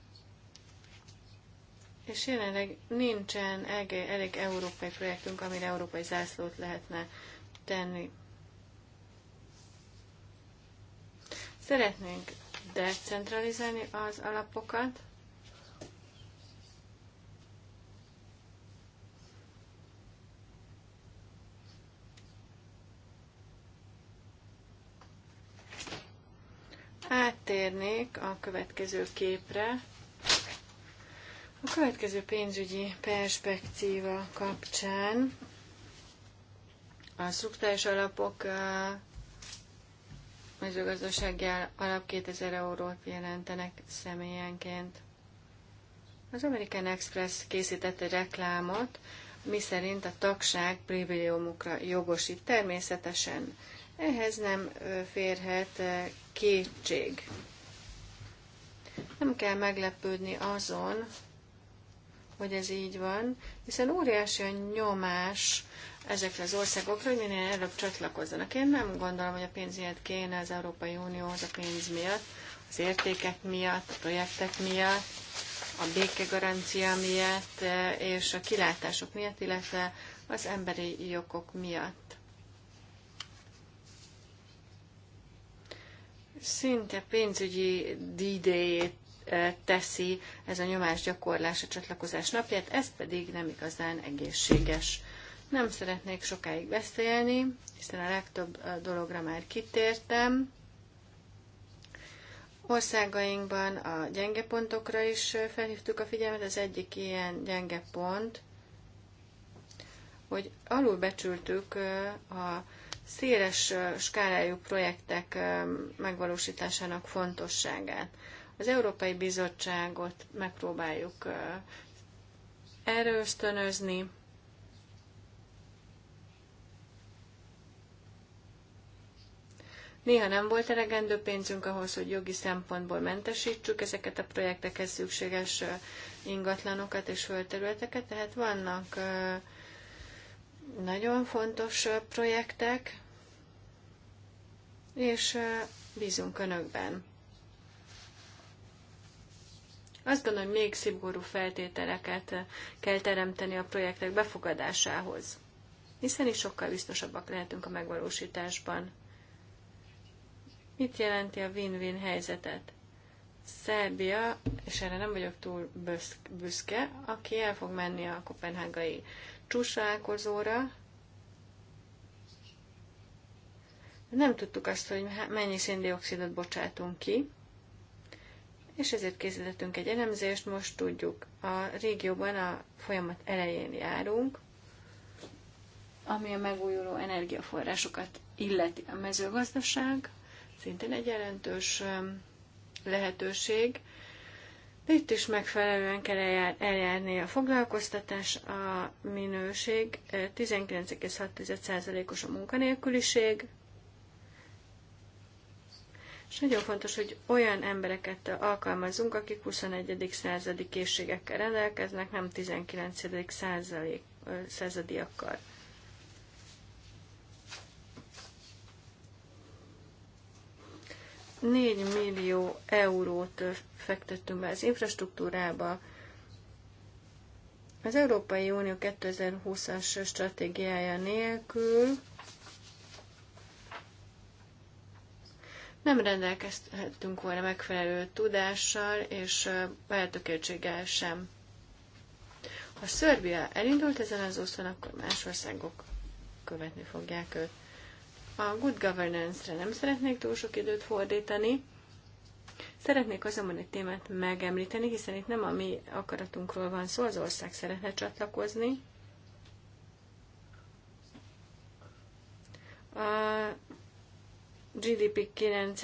és jelenleg nincsen elég európai projektünk, amire európai zászlót lehetne tenni. Szeretnénk decentralizálni az alapokat, áttérnék a következő képre. A következő pénzügyi perspektíva kapcsán a struktúrás alapok mezőgazdasági alap 2000 eurót jelentenek személyenként. Az American Express készített egy reklámot, mi szerint a tagság privilégiumukra jogosít. Természetesen ehhez nem férhet kétség. Nem kell meglepődni azon, hogy ez így van, hiszen óriási a nyomás ezekre az országokra, hogy minél előbb csatlakozzanak. Én nem gondolom, hogy a pénz miatt kéne az Európai Unióhoz a pénz miatt, az értékek miatt, a projektek miatt, a békegarancia miatt, eh, és a kilátások miatt, illetve az emberi jogok miatt. Szinte pénzügyi díjét teszi ez a nyomásgyakorlás a csatlakozás napját, ez pedig nem igazán egészséges. Nem szeretnék sokáig beszélni, hiszen a legtöbb dologra már kitértem. Országainkban a gyenge pontokra is felhívtuk a figyelmet. Az egyik ilyen gyenge pont, hogy alulbecsültük a széles skálájú projektek megvalósításának fontosságát. Az Európai Bizottságot megpróbáljuk erősztönözni. Néha nem volt elegendő pénzünk ahhoz, hogy jogi szempontból mentesítsük ezeket a projektekhez szükséges ingatlanokat és földterületeket, tehát vannak nagyon fontos projektek, és bízunk önökben. Azt gondolom, hogy még szigorú feltételeket eh, kell teremteni a projektek befogadásához, hiszen is sokkal biztosabbak lehetünk a megvalósításban. Mit jelenti a win-win helyzetet? Szerbia, és erre nem vagyok túl büszke, aki el fog menni a kopenhágai csúcsrálkozóra, nem tudtuk azt, hogy mennyi széndiokszidot bocsátunk ki, és ezért készítettünk egy elemzést, most tudjuk, a régióban a folyamat elején járunk, ami a megújuló energiaforrásokat illeti a mezőgazdaság, szintén egy jelentős lehetőség, de itt is megfelelően kell eljár, eljárni a foglalkoztatás, a minőség, 19,6%-os a munkanélküliség, és nagyon fontos, hogy olyan embereket alkalmazunk, akik 21. századi készségekkel rendelkeznek, nem 19. Százalék, századiakkal. Négy millió eurót fektettünk be az infrastruktúrába. Az Európai Unió 2020-as stratégiája nélkül nem rendelkeztünk volna megfelelő tudással és eltökéltséggel sem. Ha Szörbia elindult ezen az úton, akkor más országok követni fogják őt. A good governance-re nem szeretnék túl sok időt fordítani, Szeretnék azonban egy témát megemlíteni, hiszen itt nem a mi akaratunkról van szó, az ország szeretne csatlakozni. A GDP 9,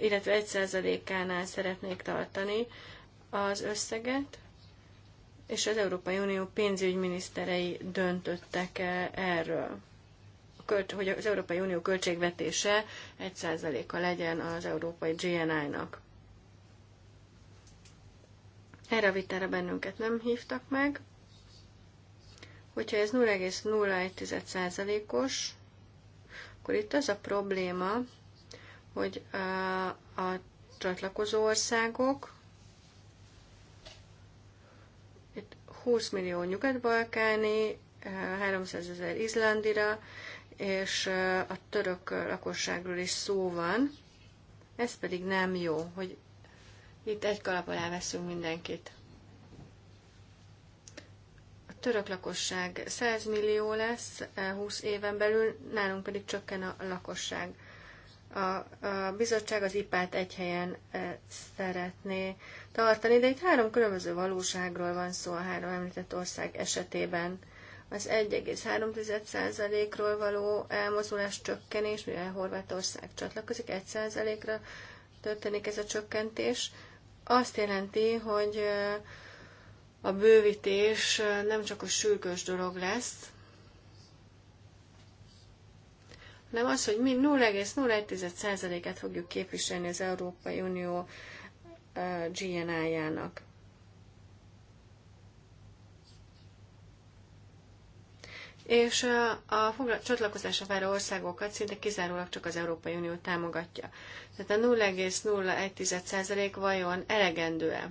illetve 1%-ánál szeretnék tartani az összeget, és az Európai Unió pénzügyminiszterei döntöttek e erről, hogy az Európai Unió költségvetése 1%-a legyen az európai GNI-nak. Erre a vitára bennünket nem hívtak meg. Hogyha ez 0,01%-os, akkor itt az a probléma, hogy a csatlakozó országok, itt 20 millió nyugat-balkáni, 300 ezer izlandira, és a török lakosságról is szó van. Ez pedig nem jó, hogy itt egy kalap alá veszünk mindenkit. A török lakosság 100 millió lesz 20 éven belül, nálunk pedig csökken a lakosság. A, a bizottság az ipát egy helyen szeretné tartani, de itt három különböző valóságról van szó a három említett ország esetében. Az 1,3%-ról való elmozulás csökkenés, mivel Horvátország csatlakozik, 1%-ra történik ez a csökkentés. Azt jelenti, hogy a bővítés nem csak a sürgős dolog lesz, hanem az, hogy mi 001 et fogjuk képviselni az Európai Unió GNI-jának. És a csatlakozásra váró országokat szinte kizárólag csak az Európai Unió támogatja. Tehát a 0,01% vajon elegendő-e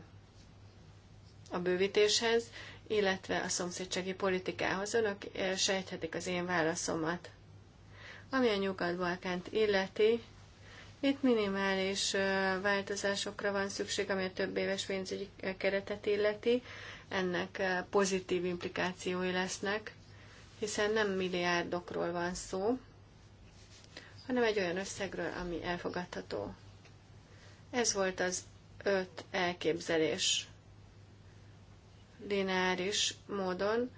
a bővítéshez, illetve a szomszédsági politikához? Önök sejthetik az én válaszomat. Ami a Nyugat-Balkánt illeti, itt minimális változásokra van szükség, ami a több éves pénzügyi keretet illeti. Ennek pozitív implikációi lesznek, hiszen nem milliárdokról van szó, hanem egy olyan összegről, ami elfogadható. Ez volt az öt elképzelés lineáris módon,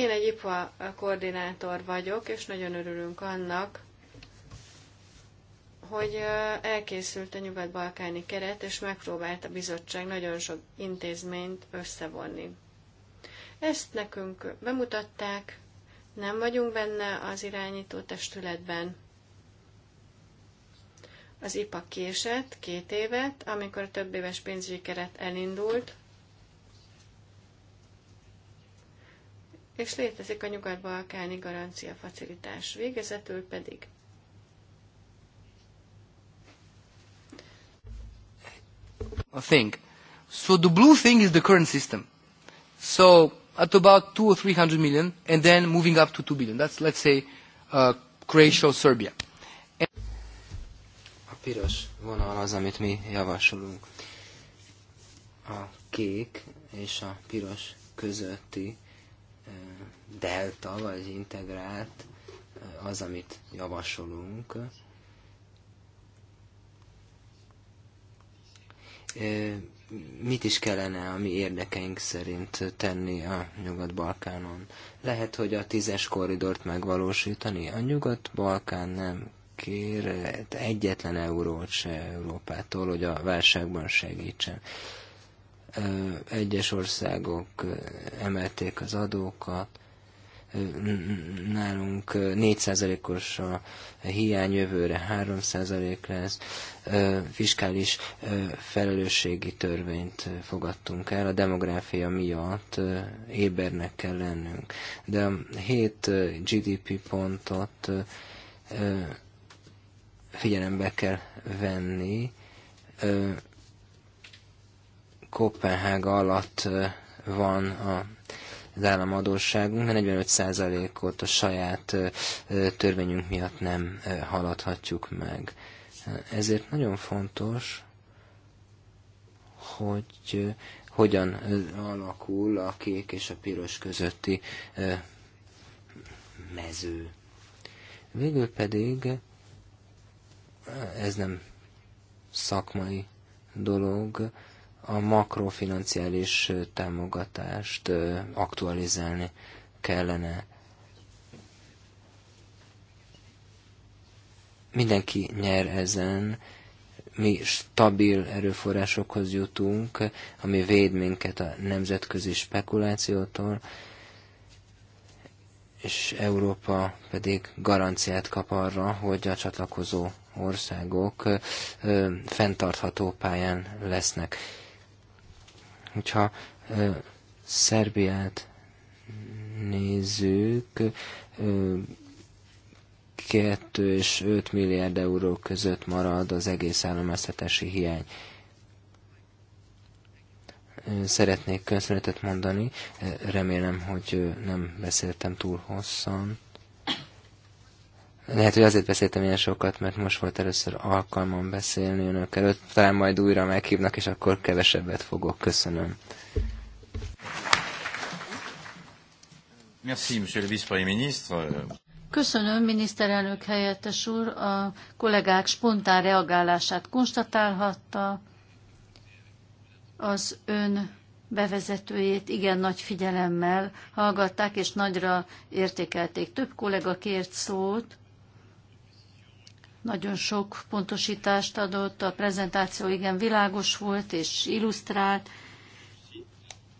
én egy IPA koordinátor vagyok, és nagyon örülünk annak, hogy elkészült a nyugat-balkáni keret, és megpróbált a bizottság nagyon sok intézményt összevonni. Ezt nekünk bemutatták, nem vagyunk benne az irányító testületben. Az IPA késett két évet, amikor a több éves pénzügyi keret elindult, és létezik a nyugat-balkáni garancia facilitás. Végezetül pedig a thing. So the blue thing is the current system. So at about two or three hundred million, and then moving up to two billion. That's let's say uh, Croatia or Serbia. And a piros vonal az, amit mi javasolunk. A kék és a piros közötti delta vagy integrált eh, az, amit javasolunk. Eh, mit is kellene a mi érdekeink szerint tenni a Nyugat-Balkánon? Lehet, hogy a tízes korridort megvalósítani? A Nyugat-Balkán nem kér egyetlen eurót se Európától, hogy a válságban segítsen eh, egyes országok emelték az adókat, nálunk 4%-os a hiány jövőre 3% lesz, fiskális felelősségi törvényt fogadtunk el, a demográfia miatt ébernek kell lennünk. De a 7 GDP pontot figyelembe kell venni, Kopenhága alatt van a az államadóságunk, mert 45%-ot a saját törvényünk miatt nem haladhatjuk meg. Ezért nagyon fontos, hogy hogyan alakul a kék és a piros közötti mező. Végül pedig ez nem szakmai dolog, a makrofinanciális támogatást aktualizálni kellene. Mindenki nyer ezen, mi stabil erőforrásokhoz jutunk, ami véd minket a nemzetközi spekulációtól, és Európa pedig garanciát kap arra, hogy a csatlakozó országok fenntartható pályán lesznek. Hogyha ö, Szerbiát nézzük, ö, 2 és 5 milliárd euró között marad az egész államáztatási hiány. Szeretnék köszönetet mondani, remélem, hogy nem beszéltem túl hosszan. Lehet, hogy azért beszéltem ilyen sokat, mert most volt először alkalmam beszélni önök előtt. Talán majd újra meghívnak, és akkor kevesebbet fogok. Köszönöm. Merci, monsieur le vice-premier ministre. Köszönöm, miniszterelnök helyettes úr. A kollégák spontán reagálását konstatálhatta. Az ön bevezetőjét igen nagy figyelemmel hallgatták, és nagyra értékelték. Több kollega kért szót. Nagyon sok pontosítást adott, a prezentáció igen világos volt és illusztrált,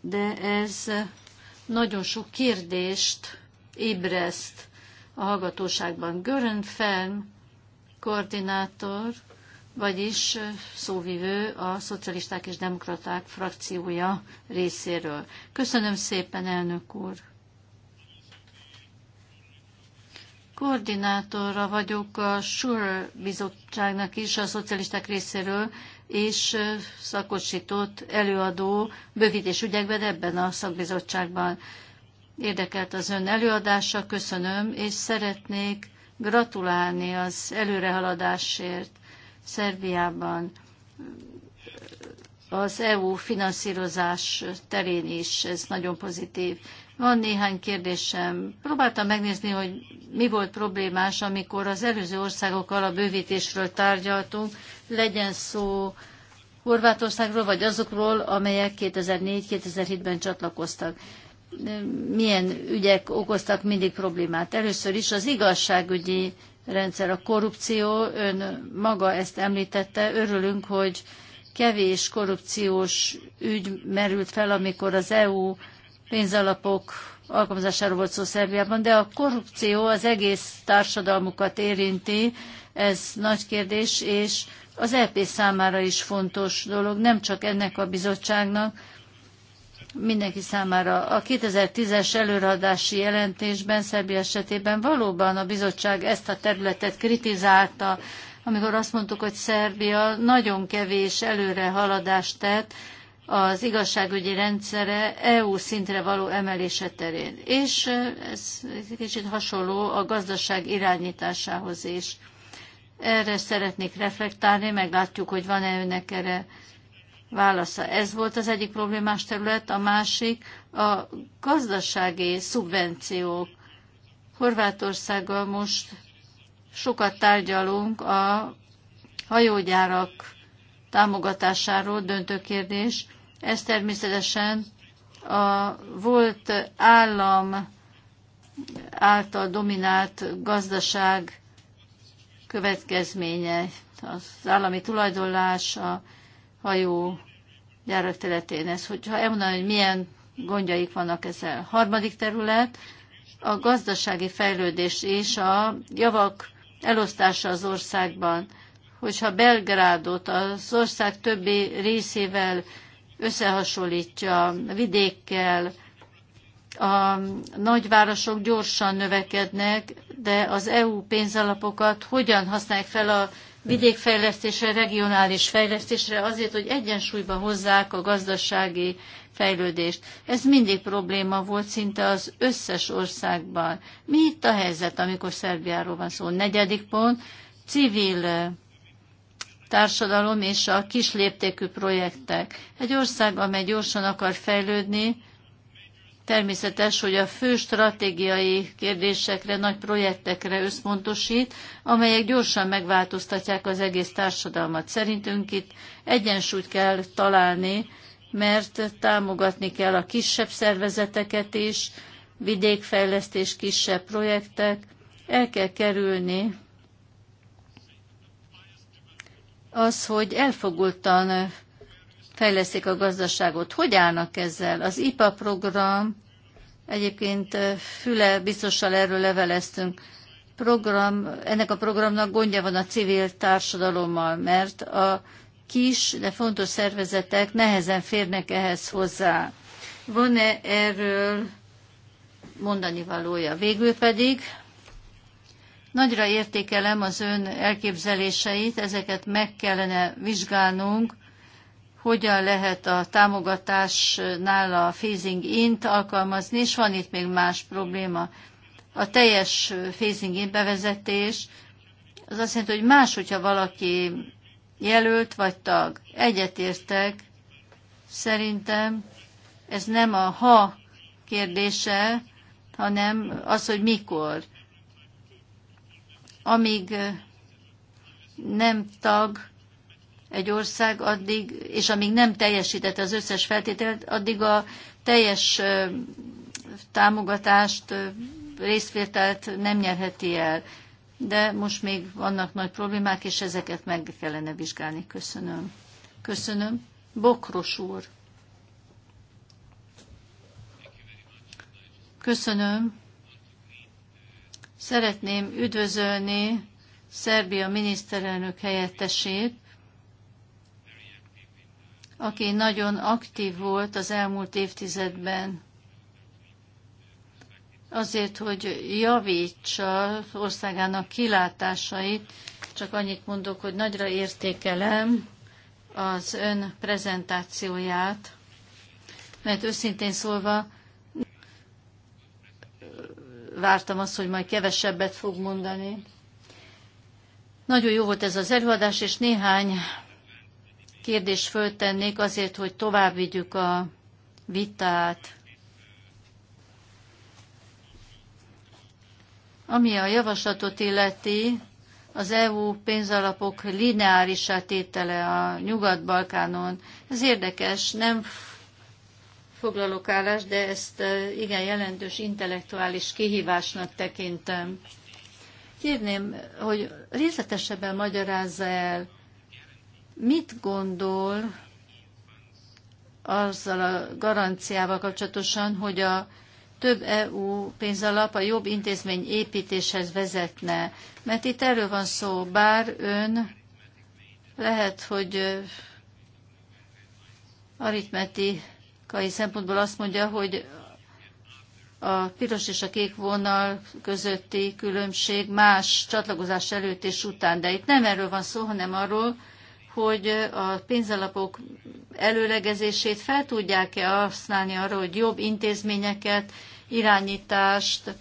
de ez nagyon sok kérdést ébreszt a hallgatóságban. Görön Fenn koordinátor, vagyis szóvivő a Szocialisták és Demokraták frakciója részéről. Köszönöm szépen, elnök úr! koordinátora vagyok a SURE bizottságnak is a szocialisták részéről, és szakosított előadó bővítés ügyekben ebben a szakbizottságban. Érdekelt az ön előadása, köszönöm, és szeretnék gratulálni az előrehaladásért Szerbiában az EU finanszírozás terén is, ez nagyon pozitív. Van néhány kérdésem. Próbáltam megnézni, hogy mi volt problémás, amikor az előző országokkal a bővítésről tárgyaltunk, legyen szó Horvátországról, vagy azokról, amelyek 2004-2007-ben csatlakoztak. Milyen ügyek okoztak mindig problémát? Először is az igazságügyi rendszer, a korrupció, ön maga ezt említette, örülünk, hogy kevés korrupciós ügy merült fel, amikor az EU pénzalapok alkalmazásáról volt szó Szerbiában, de a korrupció az egész társadalmukat érinti, ez nagy kérdés, és az EP számára is fontos dolog, nem csak ennek a bizottságnak, mindenki számára. A 2010-es előadási jelentésben Szerbia esetében valóban a bizottság ezt a területet kritizálta, amikor azt mondtuk, hogy Szerbia nagyon kevés előrehaladást tett az igazságügyi rendszere EU szintre való emelése terén. És ez kicsit hasonló a gazdaság irányításához is. Erre szeretnék reflektálni, meglátjuk, hogy van-e önnek erre válasza. Ez volt az egyik problémás terület, a másik a gazdasági szubvenciók. Horvátországgal most sokat tárgyalunk a hajógyárak támogatásáról döntő kérdés, ez természetesen a volt állam által dominált gazdaság következménye, az állami tulajdonlás a hajó gyárak területén. Ez, hogyha elmondanám, hogy milyen gondjaik vannak ezzel. Harmadik terület, a gazdasági fejlődés és a javak elosztása az országban. Hogyha Belgrádot az ország többi részével összehasonlítja vidékkel, a nagyvárosok gyorsan növekednek, de az EU pénzalapokat hogyan használják fel a vidékfejlesztésre, regionális fejlesztésre, azért, hogy egyensúlyba hozzák a gazdasági fejlődést. Ez mindig probléma volt szinte az összes országban. Mi itt a helyzet, amikor Szerbiáról van szó? Negyedik pont, civil társadalom és a kisléptékű projektek. Egy ország, amely gyorsan akar fejlődni, természetes, hogy a fő stratégiai kérdésekre, nagy projektekre összpontosít, amelyek gyorsan megváltoztatják az egész társadalmat. Szerintünk itt egyensúlyt kell találni, mert támogatni kell a kisebb szervezeteket is, vidékfejlesztés, kisebb projektek, el kell kerülni az, hogy elfogultan fejlesztik a gazdaságot. Hogy állnak ezzel? Az IPA program, egyébként eh, Füle biztosan erről leveleztünk, program, ennek a programnak gondja van a civil társadalommal, mert a kis, de fontos szervezetek nehezen férnek ehhez hozzá. Van-e erről mondani valója? Végül pedig Nagyra értékelem az ön elképzeléseit, ezeket meg kellene vizsgálnunk, hogyan lehet a támogatásnál a phasing int alkalmazni, és van itt még más probléma. A teljes phasing in bevezetés, az azt jelenti, hogy más, hogyha valaki jelölt vagy tag. Egyetértek, szerintem ez nem a ha kérdése, hanem az, hogy mikor amíg nem tag egy ország, addig, és amíg nem teljesített az összes feltételt, addig a teljes támogatást, részvételt nem nyerheti el. De most még vannak nagy problémák, és ezeket meg kellene vizsgálni. Köszönöm. Köszönöm. Bokros úr. Köszönöm. Szeretném üdvözölni Szerbia miniszterelnök helyettesét, aki nagyon aktív volt az elmúlt évtizedben azért, hogy javítsa országának kilátásait, csak annyit mondok, hogy nagyra értékelem az ön prezentációját, mert őszintén szólva vártam azt, hogy majd kevesebbet fog mondani. Nagyon jó volt ez az előadás, és néhány kérdést föltennék azért, hogy tovább vigyük a vitát. Ami a javaslatot illeti, az EU pénzalapok lineáris tétele a Nyugat-Balkánon. Ez érdekes, nem foglalok állást, de ezt e, igen jelentős intellektuális kihívásnak tekintem. Kérném, hogy részletesebben magyarázza el, mit gondol azzal a garanciával kapcsolatosan, hogy a több EU pénzalap a jobb intézmény építéshez vezetne. Mert itt erről van szó, bár ön lehet, hogy e, aritmeti kai szempontból azt mondja, hogy a piros és a kék vonal közötti különbség más csatlakozás előtt és után. De itt nem erről van szó, hanem arról, hogy a pénzalapok előlegezését fel tudják-e használni arra, hogy jobb intézményeket, irányítást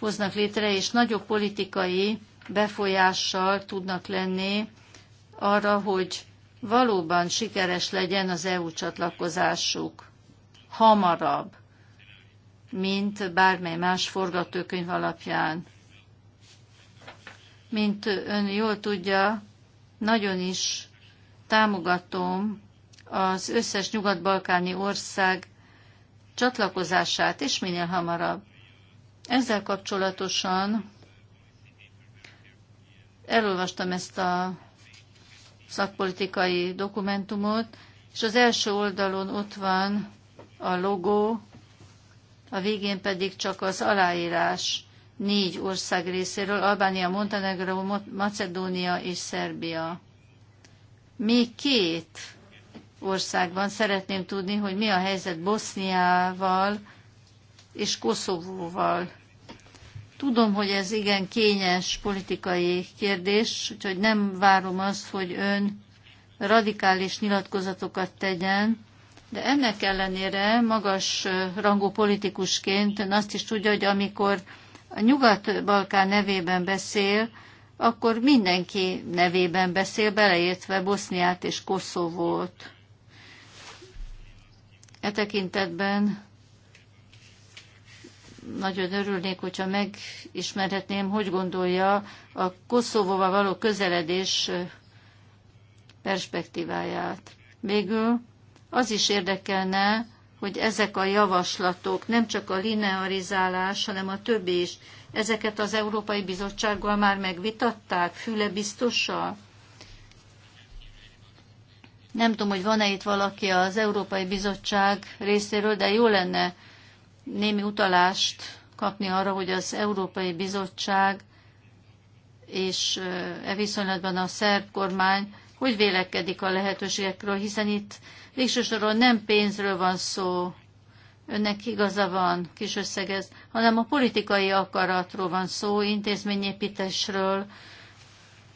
hoznak létre, és nagyobb politikai befolyással tudnak lenni arra, hogy valóban sikeres legyen az EU csatlakozásuk hamarabb, mint bármely más forgatókönyv alapján. Mint ön jól tudja, nagyon is támogatom az összes nyugat-balkáni ország csatlakozását, és minél hamarabb. Ezzel kapcsolatosan elolvastam ezt a szakpolitikai dokumentumot, és az első oldalon ott van a logó, a végén pedig csak az aláírás négy ország részéről, Albánia, Montenegro, Macedónia és Szerbia. Még két országban szeretném tudni, hogy mi a helyzet Boszniával és Koszovóval. Tudom, hogy ez igen kényes politikai kérdés, úgyhogy nem várom azt, hogy ön radikális nyilatkozatokat tegyen, de ennek ellenére magas rangú politikusként ön azt is tudja, hogy amikor a Nyugat-Balkán nevében beszél, akkor mindenki nevében beszél, beleértve Boszniát és Koszovót. E tekintetben nagyon örülnék, hogyha megismerhetném, hogy gondolja a Koszovóval való közeledés perspektíváját. Végül az is érdekelne, hogy ezek a javaslatok, nem csak a linearizálás, hanem a többi is, ezeket az Európai Bizottsággal már megvitatták, füle biztossal? Nem tudom, hogy van-e itt valaki az Európai Bizottság részéről, de jó lenne némi utalást kapni arra, hogy az Európai Bizottság és e viszonylatban a szerb kormány hogy vélekedik a lehetőségekről, hiszen itt Végső soron nem pénzről van szó, önnek igaza van, kis összegez, hanem a politikai akaratról van szó, intézményépítésről,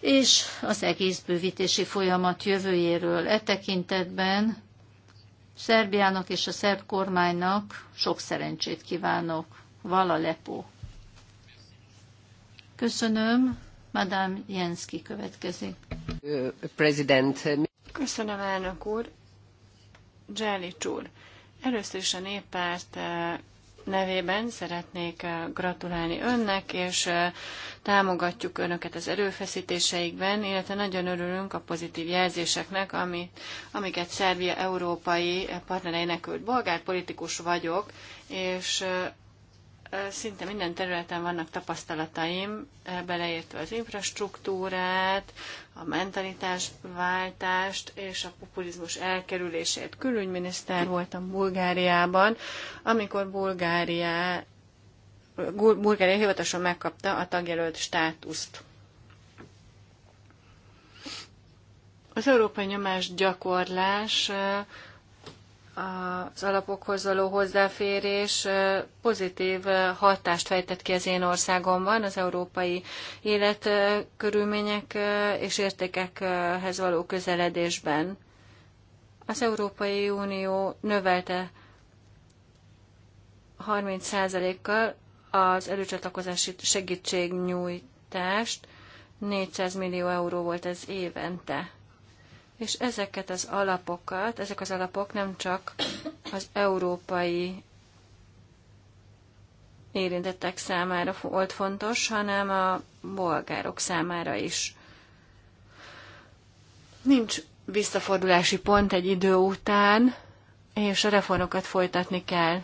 és az egész bővítési folyamat jövőjéről. E tekintetben Szerbiának és a szerb kormánynak sok szerencsét kívánok. Vala Lepó. Köszönöm. Madame Jenszki következik. President. Köszönöm, elnök úr. Jelly Csúr. először is a néppárt eh, nevében szeretnék eh, gratulálni önnek, és eh, támogatjuk önöket az erőfeszítéseikben, illetve nagyon örülünk a pozitív jelzéseknek, amit, amiket Szerbia európai partnereinek küld. Bolgár politikus vagyok, és szinte minden területen vannak tapasztalataim, beleértve az infrastruktúrát, a mentalitásváltást és a populizmus elkerülését. Külügyminiszter voltam Bulgáriában, amikor Bulgáriá, Bulgária hivatalosan megkapta a tagjelölt státuszt. Az európai nyomás gyakorlás az alapokhoz való hozzáférés pozitív hatást fejtett ki az én országomban, az európai életkörülmények és értékekhez való közeledésben. Az Európai Unió növelte 30%-kal az előcsatlakozási segítségnyújtást, 400 millió euró volt ez évente és ezeket az alapokat, ezek az alapok nem csak az európai érintettek számára volt fontos, hanem a bolgárok számára is. Nincs visszafordulási pont egy idő után, és a reformokat folytatni kell.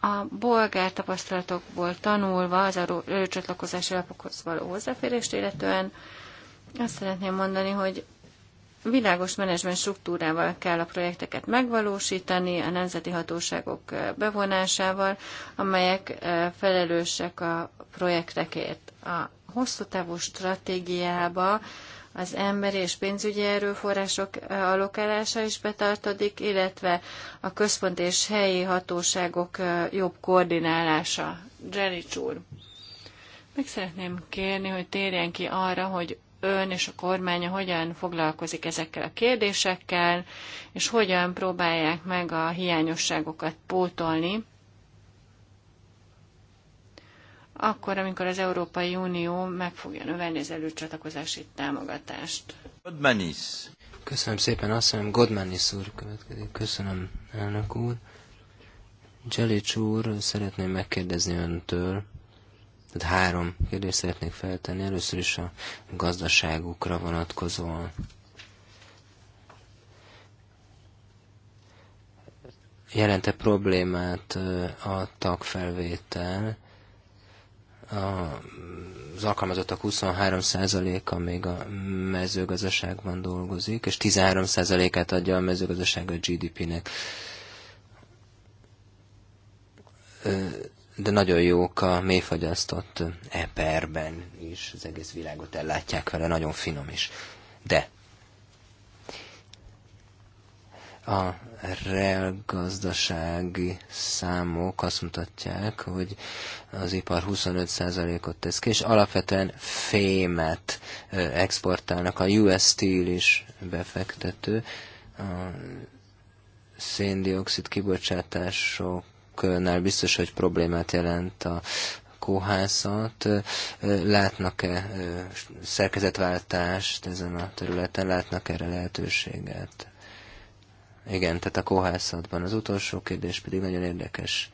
A bolgár tapasztalatokból tanulva az előcsatlakozási alapokhoz való hozzáférést illetően azt szeretném mondani, hogy Világos menedzsment struktúrával kell a projekteket megvalósítani, a nemzeti hatóságok bevonásával, amelyek felelősek a projektekért. A hosszú távú stratégiába az emberi és pénzügyi erőforrások alokálása is betartodik, illetve a központ és helyi hatóságok jobb koordinálása. Zselics úr, meg szeretném kérni, hogy térjen ki arra, hogy ön és a kormánya hogyan foglalkozik ezekkel a kérdésekkel, és hogyan próbálják meg a hiányosságokat pótolni, akkor, amikor az Európai Unió meg fogja növelni az előcsatlakozási támogatást. Godmanis. Köszönöm szépen, azt hiszem Godmanis úr következik. Köszönöm, elnök úr. Jelic úr, szeretném megkérdezni öntől, tehát három kérdést szeretnék feltenni. Először is a gazdaságukra vonatkozóan. Jelente problémát a tagfelvétel? Az alkalmazottak 23%-a még a mezőgazdaságban dolgozik, és 13%-át adja a mezőgazdaság a GDP-nek de nagyon jók a mélyfagyasztott eperben is, az egész világot ellátják vele, nagyon finom is. De a gazdasági számok azt mutatják, hogy az ipar 25%-ot tesz ki, és alapvetően fémet exportálnak. A US Steel is befektető. A széndiokszid kibocsátások sokaknál biztos, hogy problémát jelent a kóhászat. Látnak-e szerkezetváltást ezen a területen? Látnak erre lehetőséget? Igen, tehát a kóhászatban. Az utolsó kérdés pedig nagyon érdekes.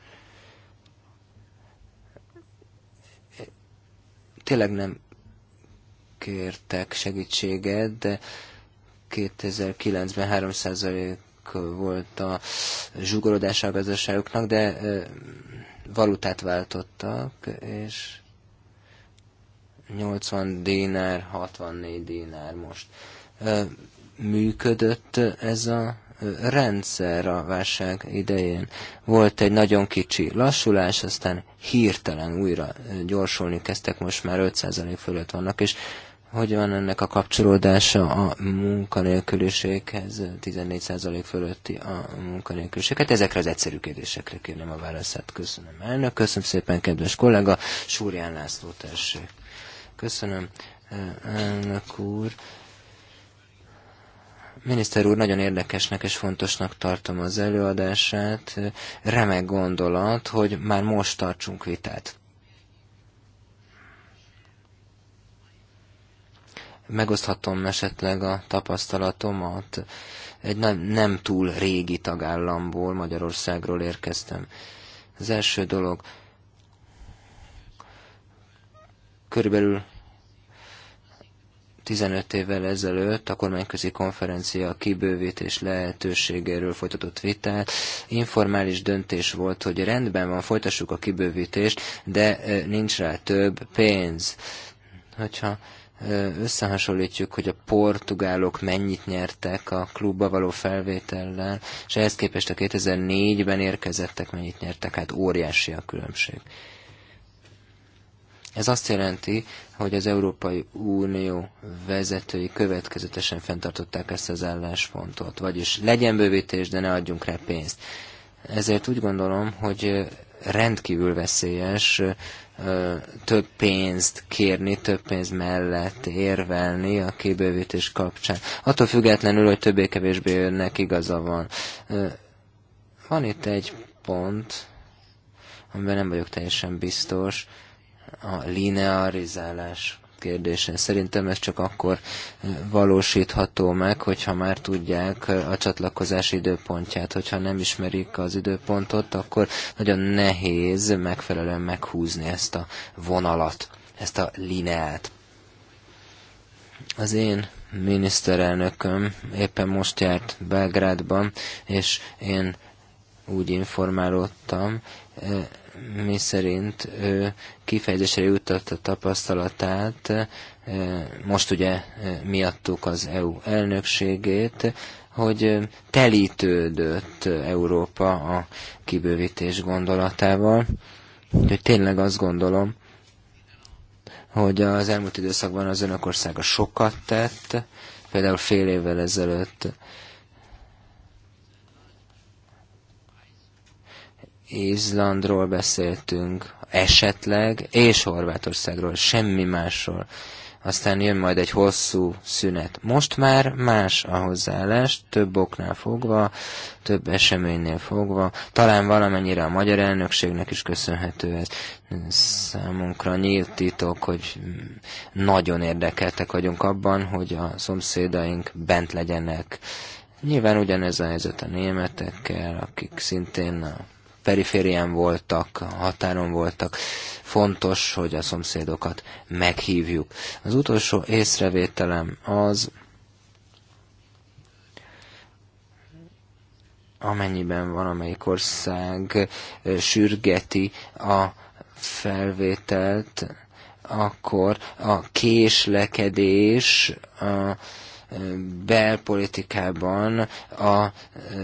Tényleg nem kértek segítséget, de 2009-ben volt a zsugorodása a gazdaságoknak, de valutát váltottak, és 80 dénár, 64 dénár most. Működött ez a rendszer a válság idején. Volt egy nagyon kicsi lassulás, aztán hirtelen újra gyorsulni kezdtek, most már 5% fölött vannak, és hogy van ennek a kapcsolódása a munkanélküliséghez, 14% fölötti a munkanélküliség? Hát ezekre az egyszerű kérdésekre kérném a válaszát. Köszönöm elnök, köszönöm szépen kedves kollega, Súrján László tessék. Köszönöm eh, elnök úr. Miniszter úr, nagyon érdekesnek és fontosnak tartom az előadását. Remek gondolat, hogy már most tartsunk vitát. megoszthatom esetleg a tapasztalatomat. Egy nem, nem túl régi tagállamból, Magyarországról érkeztem. Az első dolog, körülbelül 15 évvel ezelőtt a kormányközi konferencia a kibővítés lehetőségéről folytatott vitát. Informális döntés volt, hogy rendben van, folytassuk a kibővítést, de eh, nincs rá több pénz. Hogyha összehasonlítjuk, hogy a portugálok mennyit nyertek a klubba való felvétellel, és ehhez képest a 2004-ben érkezettek mennyit nyertek, hát óriási a különbség. Ez azt jelenti, hogy az Európai Unió vezetői következetesen fenntartották ezt az álláspontot, vagyis legyen bővítés, de ne adjunk rá pénzt. Ezért úgy gondolom, hogy rendkívül veszélyes több pénzt kérni, több pénz mellett érvelni a kibővítés kapcsán. Attól függetlenül, hogy többé-kevésbé önnek igaza van. Van itt egy pont, amiben nem vagyok teljesen biztos, a linearizálás kérdése. Szerintem ez csak akkor eh, valósítható meg, hogyha már tudják eh, a csatlakozás időpontját. Hogyha nem ismerik az időpontot, akkor nagyon nehéz megfelelően meghúzni ezt a vonalat, ezt a lineát. Az én miniszterelnököm éppen most járt Belgrádban, és én úgy informálódtam, eh, mi szerint ő kifejezésre a tapasztalatát, most ugye miattuk az EU elnökségét, hogy telítődött Európa a kibővítés gondolatával. Úgyhogy tényleg azt gondolom, hogy az elmúlt időszakban az önök országa sokat tett, például fél évvel ezelőtt Izlandról beszéltünk, esetleg, és Horvátországról, semmi másról. Aztán jön majd egy hosszú szünet. Most már más a hozzáállás, több oknál fogva, több eseménynél fogva, talán valamennyire a magyar elnökségnek is köszönhető ez. Számunkra nyílt titok, hogy nagyon érdekeltek vagyunk abban, hogy a szomszédaink bent legyenek. Nyilván ugyanez a helyzet a németekkel, akik szintén a periférián voltak, határon voltak. Fontos, hogy a szomszédokat meghívjuk. Az utolsó észrevételem az, amennyiben valamelyik ország sürgeti a felvételt, akkor a késlekedés a belpolitikában a eh,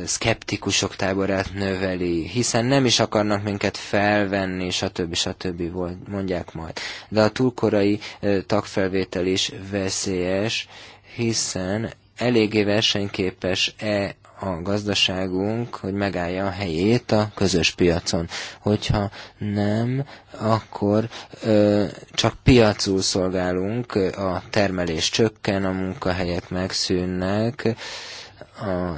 szkeptikusok táborát növeli, hiszen nem is akarnak minket felvenni, stb. stb. mondják majd. De a túlkorai eh, tagfelvétel is veszélyes, hiszen eléggé versenyképes-e a gazdaságunk, hogy megállja a helyét a közös piacon. Hogyha nem, akkor ö, csak piacul szolgálunk, a termelés csökken, a munkahelyek megszűnnek,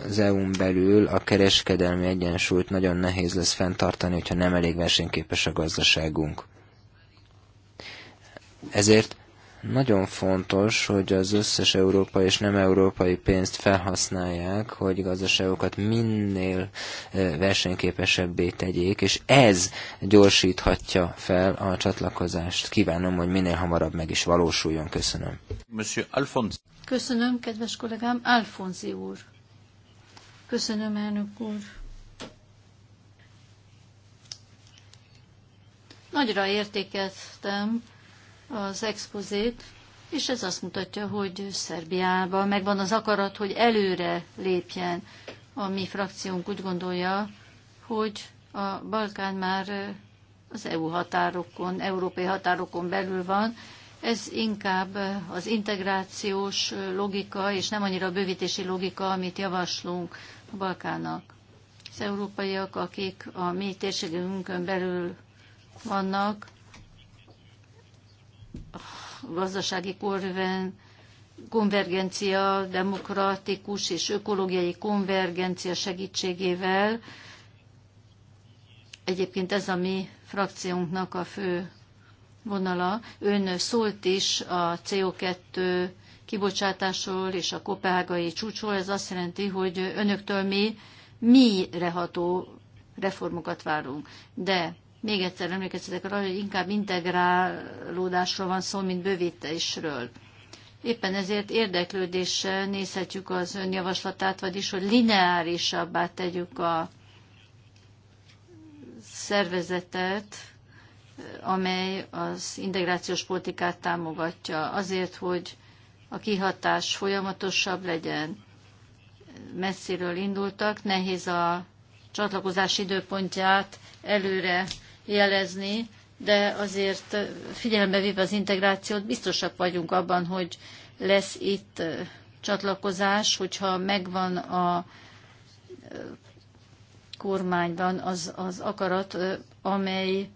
az EU-n belül a kereskedelmi egyensúlyt nagyon nehéz lesz fenntartani, hogyha nem elég versenyképes a gazdaságunk. Ezért nagyon fontos, hogy az összes európai és nem európai pénzt felhasználják, hogy gazdaságokat minél eh, versenyképesebbé tegyék, és ez gyorsíthatja fel a csatlakozást. Kívánom, hogy minél hamarabb meg is valósuljon. Köszönöm. Monsieur Alphonse. Köszönöm, kedves kollégám, Alfonzi úr. Köszönöm, elnök úr. Nagyra értékeztem az expozét, és ez azt mutatja, hogy Szerbiában megvan az akarat, hogy előre lépjen. A mi frakciónk úgy gondolja, hogy a Balkán már az EU határokon, európai határokon belül van, ez inkább az integrációs logika, és nem annyira a bővítési logika, amit javaslunk a Balkának. Az európaiak, akik a mi térségünkön belül vannak, gazdasági korven, konvergencia, demokratikus és ökológiai konvergencia segítségével. Egyébként ez a mi frakciónknak a fő vonala. Ön szólt is a CO2 kibocsátásról és a kopehágai csúcsról. Ez azt jelenti, hogy önöktől mi reható reformokat várunk. De még egyszer emlékeztetek arra, hogy inkább integrálódásról van szó, mint bővítésről. Éppen ezért érdeklődéssel nézhetjük az ön javaslatát, vagyis hogy lineárisabbá tegyük a szervezetet, amely az integrációs politikát támogatja, azért, hogy a kihatás folyamatosabb legyen. Messziről indultak, nehéz a csatlakozás időpontját előre jelezni, de azért figyelembe véve az integrációt biztosak vagyunk abban, hogy lesz itt csatlakozás, hogyha megvan a kormányban az, az akarat, amelyről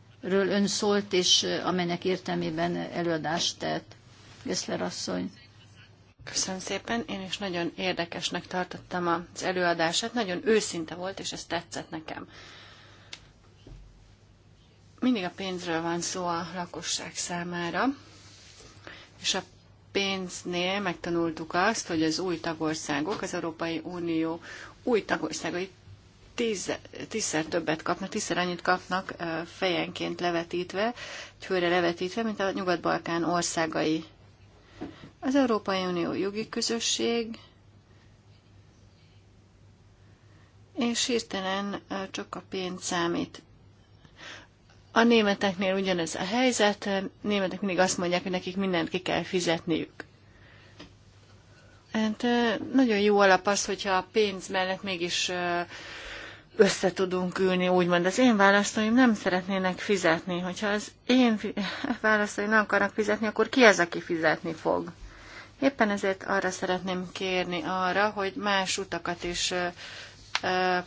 ön szólt, és amelynek értelmében előadást tett. Göszler asszony. Köszönöm szépen, én is nagyon érdekesnek tartottam az előadását, nagyon őszinte volt, és ez tetszett nekem mindig a pénzről van szó a lakosság számára, és a pénznél megtanultuk azt, hogy az új tagországok, az Európai Unió új tagországai tíz, tízszer többet kapnak, tízszer annyit kapnak fejenként levetítve, főre levetítve, mint a Nyugat-Balkán országai. Az Európai Unió jogi közösség, és hirtelen csak a pénz számít. A németeknél ugyanez a helyzet, a németek mindig azt mondják, hogy nekik mindent ki kell fizetniük. Hát, nagyon jó alap az, hogyha a pénz mellett mégis össze tudunk ülni, úgymond. Az én választóim nem szeretnének fizetni. Hogyha az én választóim nem akarnak fizetni, akkor ki az, aki fizetni fog? Éppen ezért arra szeretném kérni arra, hogy más utakat is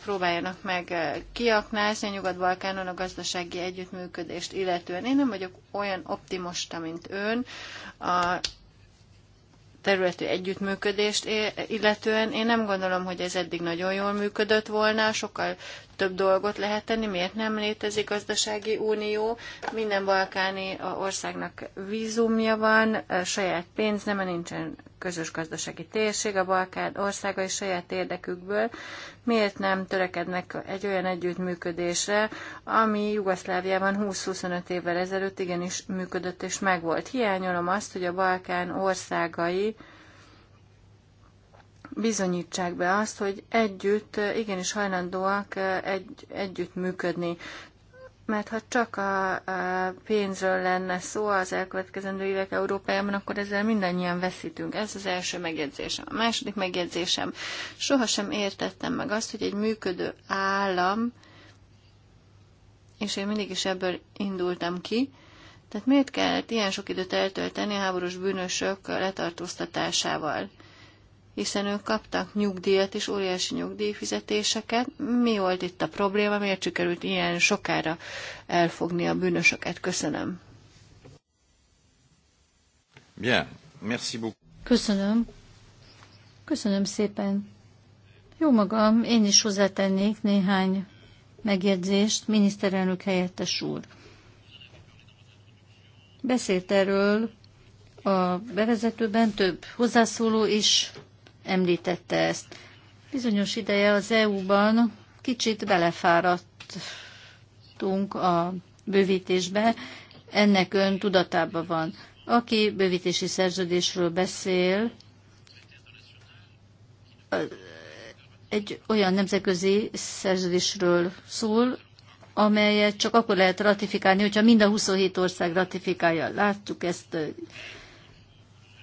próbáljanak meg kiaknázni a Nyugat-Balkánon a gazdasági együttműködést illetően. Én nem vagyok olyan optimista, mint ön. A területi együttműködést illetően én nem gondolom, hogy ez eddig nagyon jól működött volna, sokkal több dolgot lehet tenni, miért nem létezik gazdasági unió, minden balkáni országnak vízumja van, saját pénz, nem nincsen közös gazdasági térség, a Balkán országai saját érdekükből, miért nem törekednek egy olyan együttműködésre, ami Jugoszláviában 20-25 évvel ezelőtt igenis működött és megvolt. Hiányolom azt, hogy a Balkán országai bizonyítsák be azt, hogy együtt, igenis hajlandóak egy, együtt működni. Mert ha csak a, a pénzről lenne szó az elkövetkezendő évek Európájában, akkor ezzel mindannyian veszítünk. Ez az első megjegyzésem. A második megjegyzésem. Sohasem értettem meg azt, hogy egy működő állam, és én mindig is ebből indultam ki, tehát miért kellett ilyen sok időt eltölteni a háborús bűnösök letartóztatásával? hiszen ők kaptak nyugdíjat és óriási nyugdíjfizetéseket. Mi volt itt a probléma, miért sikerült ilyen sokára elfogni a bűnösöket? Köszönöm. Bien. Merci beaucoup. Köszönöm. Köszönöm szépen. Jó magam, én is hozzátennék néhány megjegyzést, miniszterelnök helyettes úr. Beszélt erről a bevezetőben több hozzászóló is említette ezt. Bizonyos ideje az EU-ban kicsit belefáradtunk a bővítésbe, ennek ön tudatában van. Aki bővítési szerződésről beszél, egy olyan nemzetközi szerződésről szól, amelyet csak akkor lehet ratifikálni, hogyha mind a 27 ország ratifikálja. Láttuk ezt eh,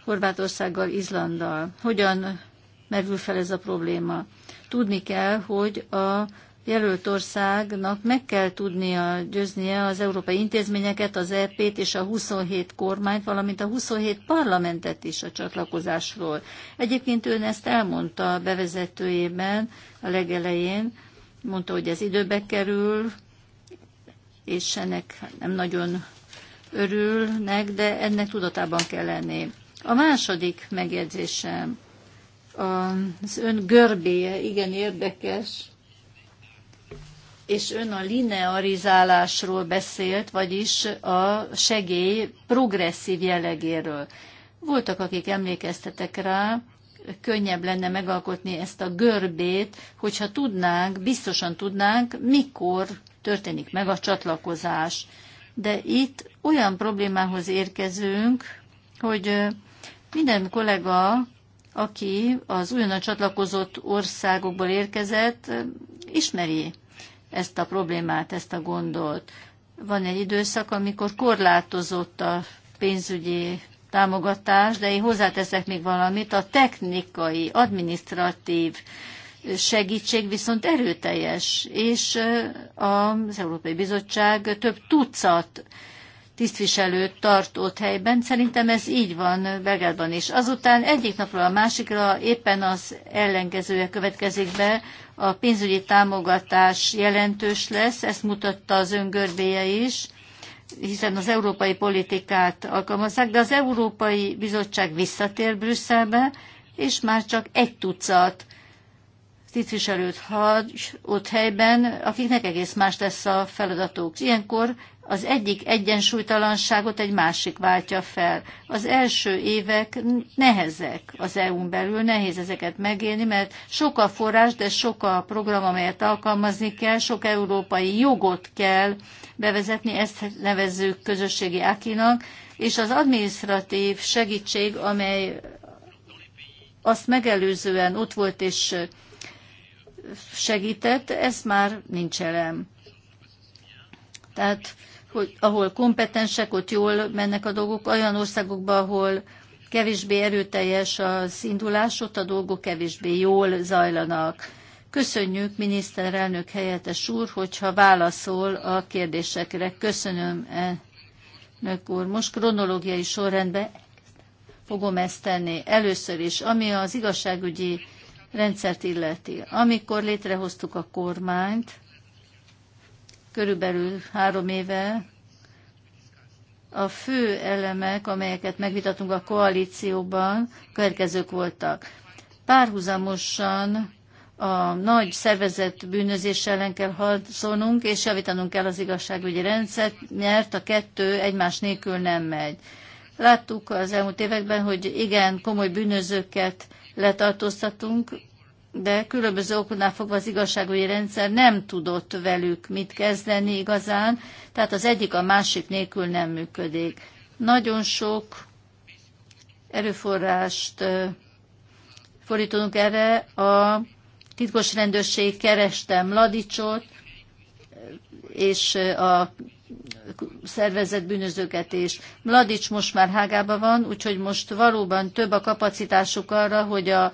Horvátországgal, Izlanddal. Hogyan merül fel ez a probléma. Tudni kell, hogy a jelölt országnak meg kell tudnia győznie az európai intézményeket, az EP-t és a 27 kormányt, valamint a 27 parlamentet is a csatlakozásról. Egyébként ön ezt elmondta a bevezetőjében a legelején, mondta, hogy ez időbe kerül, és ennek nem nagyon örülnek, de ennek tudatában kell lenni. A második megjegyzésem az ön görbéje igen érdekes, és ön a linearizálásról beszélt, vagyis a segély progresszív jellegéről. Voltak, akik emlékeztetek rá, könnyebb lenne megalkotni ezt a görbét, hogyha tudnánk, biztosan tudnánk, mikor történik meg a csatlakozás. De itt olyan problémához érkezünk, hogy minden kollega aki az újonnan csatlakozott országokból érkezett, ismeri ezt a problémát, ezt a gondot. Van egy időszak, amikor korlátozott a pénzügyi támogatás, de én hozzáteszek még valamit, a technikai, adminisztratív segítség viszont erőteljes, és az Európai Bizottság több tucat tisztviselőt tart ott helyben. Szerintem ez így van Belgrádban is. Azután egyik napról a másikra éppen az ellenkezője következik be, a pénzügyi támogatás jelentős lesz, ezt mutatta az öngörbéje is, hiszen az európai politikát alkalmazzák, de az Európai Bizottság visszatér Brüsszelbe, és már csak egy tucat tisztviselőt hagy ott helyben, akiknek egész más lesz a feladatuk. Ilyenkor az egyik egyensúlytalanságot egy másik váltja fel. Az első évek nehezek az EU-n belül, nehéz ezeket megélni, mert sok a forrás, de sok a program, amelyet alkalmazni kell, sok európai jogot kell bevezetni, ezt nevezzük közösségi ákinak, és az administratív segítség, amely azt megelőzően ott volt és segített, ez már nincs elem. Tehát hogy ahol kompetensek, ott jól mennek a dolgok, olyan országokban, ahol kevésbé erőteljes az indulás, ott a dolgok kevésbé jól zajlanak. Köszönjük, miniszterelnök helyettes úr, hogyha válaszol a kérdésekre. Köszönöm, elnök úr. Most kronológiai sorrendben fogom ezt tenni. Először is, ami az igazságügyi rendszert illeti. Amikor létrehoztuk a kormányt, körülbelül három éve a fő elemek, amelyeket megvitatunk a koalícióban, következők voltak. Párhuzamosan a nagy szervezett bűnözés ellen kell harcolnunk, és javítanunk kell az igazságügyi rendszert, mert a kettő egymás nélkül nem megy. Láttuk az elmúlt években, hogy igen, komoly bűnözőket letartóztatunk, de különböző okonál fogva az igazságügyi rendszer nem tudott velük mit kezdeni igazán, tehát az egyik a másik nélkül nem működik. Nagyon sok erőforrást fordítunk erre. A titkos rendőrség kereste Mladicsot, és a szervezett bűnözőket is. Mladics most már hágában van, úgyhogy most valóban több a kapacitásuk arra, hogy a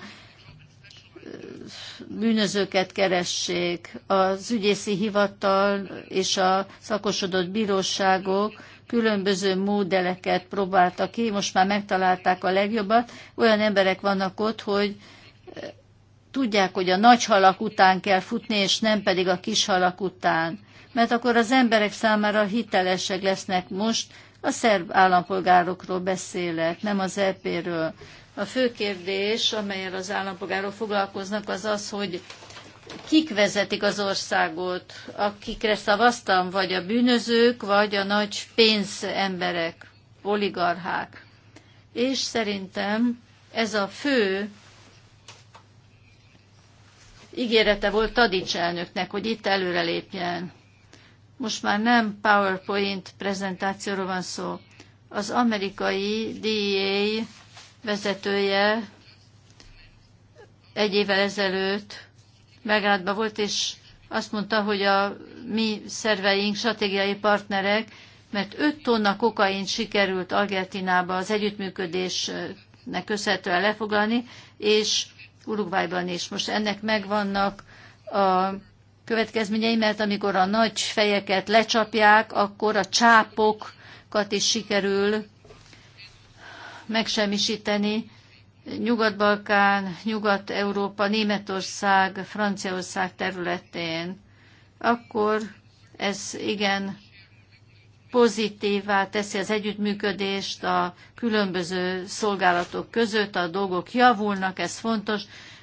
bűnözőket keressék. Az ügyészi hivatal és a szakosodott bíróságok különböző módeleket próbáltak ki, most már megtalálták a legjobbat. Olyan emberek vannak ott, hogy eh, tudják, hogy a nagy halak után kell futni, és nem pedig a kis halak után. Mert akkor az emberek számára hitelesek lesznek most, a szerb állampolgárokról beszélek, nem az EP-ről. A fő kérdés, amelyel az állampolgárok foglalkoznak, az az, hogy kik vezetik az országot, akikre szavaztam, vagy a bűnözők, vagy a nagy pénzemberek, oligarchák. És szerintem ez a fő ígérete volt Tadics elnöknek, hogy itt előrelépjen. Most már nem PowerPoint prezentációról van szó. Az amerikai DEA vezetője egy évvel ezelőtt megállapban volt, és azt mondta, hogy a mi szerveink, stratégiai partnerek, mert 5 tonna kokain sikerült Argentinába az együttműködésnek köszönhetően lefoglalni, és Uruguayban is. Most ennek megvannak a következményei, mert amikor a nagy fejeket lecsapják, akkor a csápokat is sikerül megsemmisíteni. Nyugat-Balkán, Nyugat-Európa, Németország, Franciaország területén, akkor ez igen pozitívá teszi az együttműködést a különböző szolgálatok között, a dolgok javulnak, ez fontos,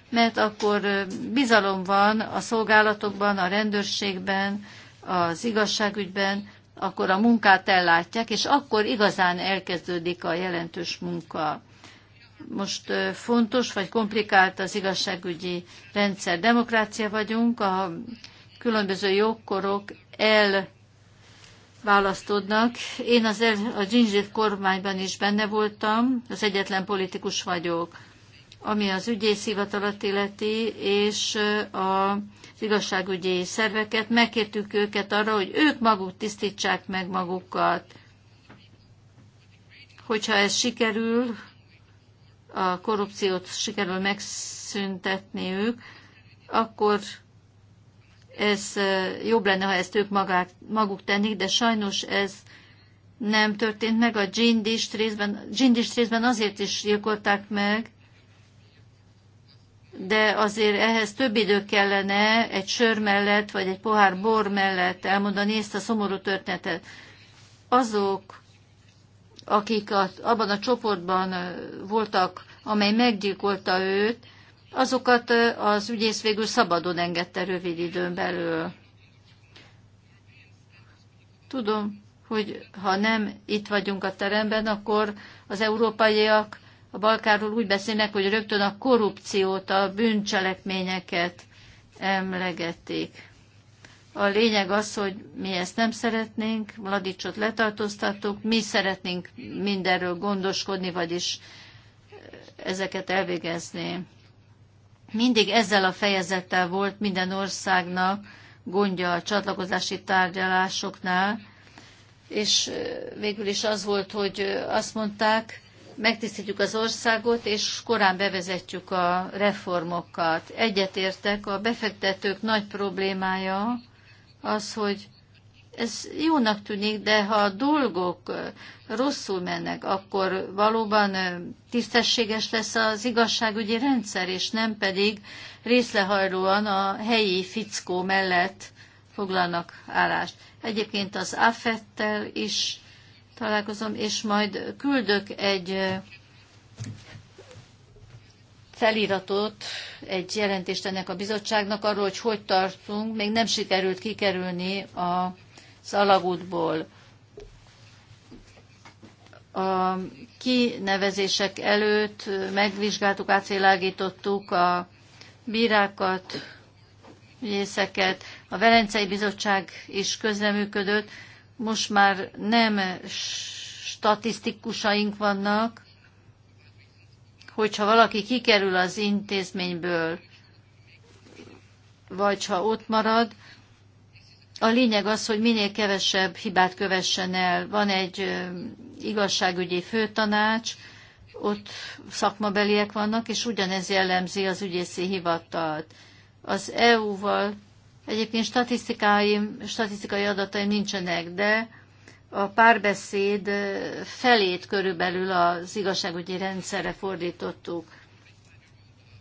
mert akkor bizalom van a szolgálatokban, a rendőrségben, az igazságügyben, akkor a munkát ellátják, és akkor igazán elkezdődik a jelentős munka. Most fontos vagy komplikált az igazságügyi rendszer. Demokrácia vagyunk, a különböző jogkorok el választódnak. Én az el, a Ginzsit kormányban is benne voltam, az egyetlen politikus vagyok ami az ügyészhivatalat illeti, és a az igazságügyi szerveket, megkértük őket arra, hogy ők maguk tisztítsák meg magukat. Hogyha ez sikerül, a korrupciót sikerül megszüntetniük, akkor ez jobb lenne, ha ezt ők magák, maguk tennék, de sajnos ez nem történt meg. A dzsindist részben, dzsindist részben azért is gyilkolták meg, de azért ehhez több idő kellene egy sör mellett, vagy egy pohár bor mellett elmondani ezt a szomorú történetet. Azok, akik a, abban a csoportban voltak, amely meggyilkolta őt, azokat az ügyész végül szabadon engedte rövid időn belül. Tudom, hogy ha nem itt vagyunk a teremben, akkor az európaiak a Balkáról úgy beszélnek, hogy rögtön a korrupciót, a bűncselekményeket emlegetik. A lényeg az, hogy mi ezt nem szeretnénk, Mladicsot letartóztattuk, mi szeretnénk mindenről gondoskodni, vagyis eh, ezeket elvégezni. Mindig ezzel a fejezettel volt minden országnak gondja a csatlakozási tárgyalásoknál, és eh, végül is az volt, hogy eh, azt mondták, megtisztítjuk az országot, és korán bevezetjük a reformokat. Egyetértek, a befektetők nagy problémája az, hogy ez jónak tűnik, de ha a dolgok rosszul mennek, akkor valóban tisztességes lesz az igazságügyi rendszer, és nem pedig részlehajlóan a helyi fickó mellett foglalnak állást. Egyébként az AFET-tel is találkozom, és majd küldök egy feliratot, egy jelentést ennek a bizottságnak arról, hogy hogy tartunk, még nem sikerült kikerülni a szalagútból. A kinevezések előtt megvizsgáltuk, átvilágítottuk a bírákat, ügyészeket, a Velencei Bizottság is közreműködött, most már nem statisztikusaink vannak, hogyha valaki kikerül az intézményből, vagy ha ott marad, a lényeg az, hogy minél kevesebb hibát kövessen el. Van egy igazságügyi főtanács, ott szakmabeliek vannak, és ugyanez jellemzi az ügyészi hivatalt. Az EU-val Egyébként statisztikáim, statisztikai adataim nincsenek, de a párbeszéd felét körülbelül az igazságügyi rendszerre fordítottuk.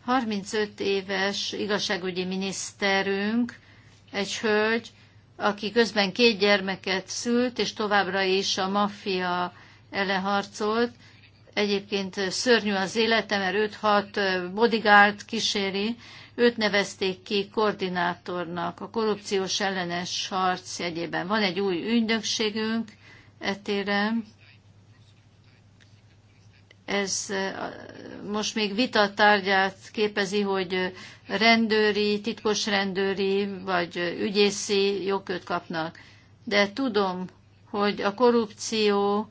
35 éves igazságügyi miniszterünk, egy hölgy, aki közben két gyermeket szült, és továbbra is a maffia ellen harcolt. Egyébként szörnyű az élete, mert 5-6 bodyguard kíséri, Őt nevezték ki koordinátornak a korrupciós ellenes harc jegyében. Van egy új ügynökségünk etérem Ez most még vita tárgyát képezi, hogy rendőri, titkos rendőri vagy ügyészi jogköt kapnak. De tudom, hogy a korrupció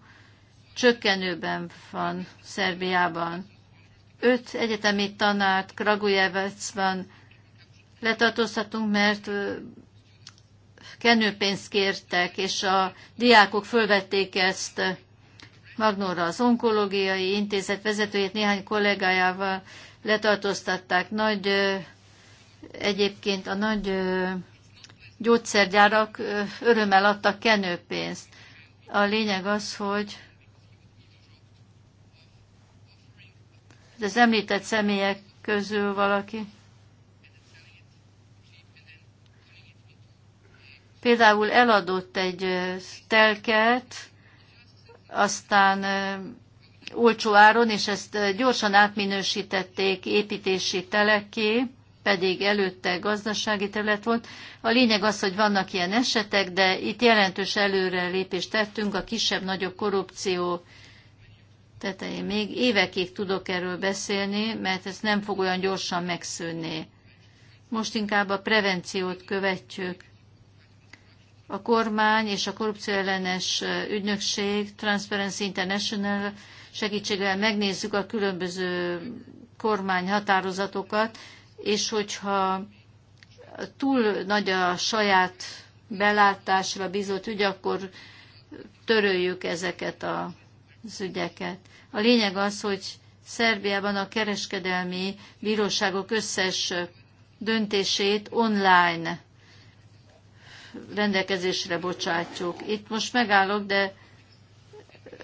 csökkenőben van Szerbiában öt egyetemi tanárt Kragujevecben letartóztatunk, mert kenőpénzt kértek, és a diákok fölvették ezt Magnóra az onkológiai intézet vezetőjét néhány kollégájával letartóztatták. Nagy egyébként a nagy gyógyszergyárak örömmel adtak kenőpénzt. A lényeg az, hogy az említett személyek közül valaki. Például eladott egy telket, aztán olcsó áron, és ezt gyorsan átminősítették építési teleké, pedig előtte gazdasági terület volt. A lényeg az, hogy vannak ilyen esetek, de itt jelentős előrelépést tettünk a kisebb-nagyobb korrupció tetején. Még évekig tudok erről beszélni, mert ez nem fog olyan gyorsan megszűnni. Most inkább a prevenciót követjük. A kormány és a korrupció ellenes ügynökség, Transparency International segítségével megnézzük a különböző kormány határozatokat, és hogyha túl nagy a saját belátásra bizott ügy, akkor töröljük ezeket a az ügyeket. A lényeg az, hogy Szerbiában a kereskedelmi bíróságok összes döntését online rendelkezésre bocsátjuk. Itt most megállok, de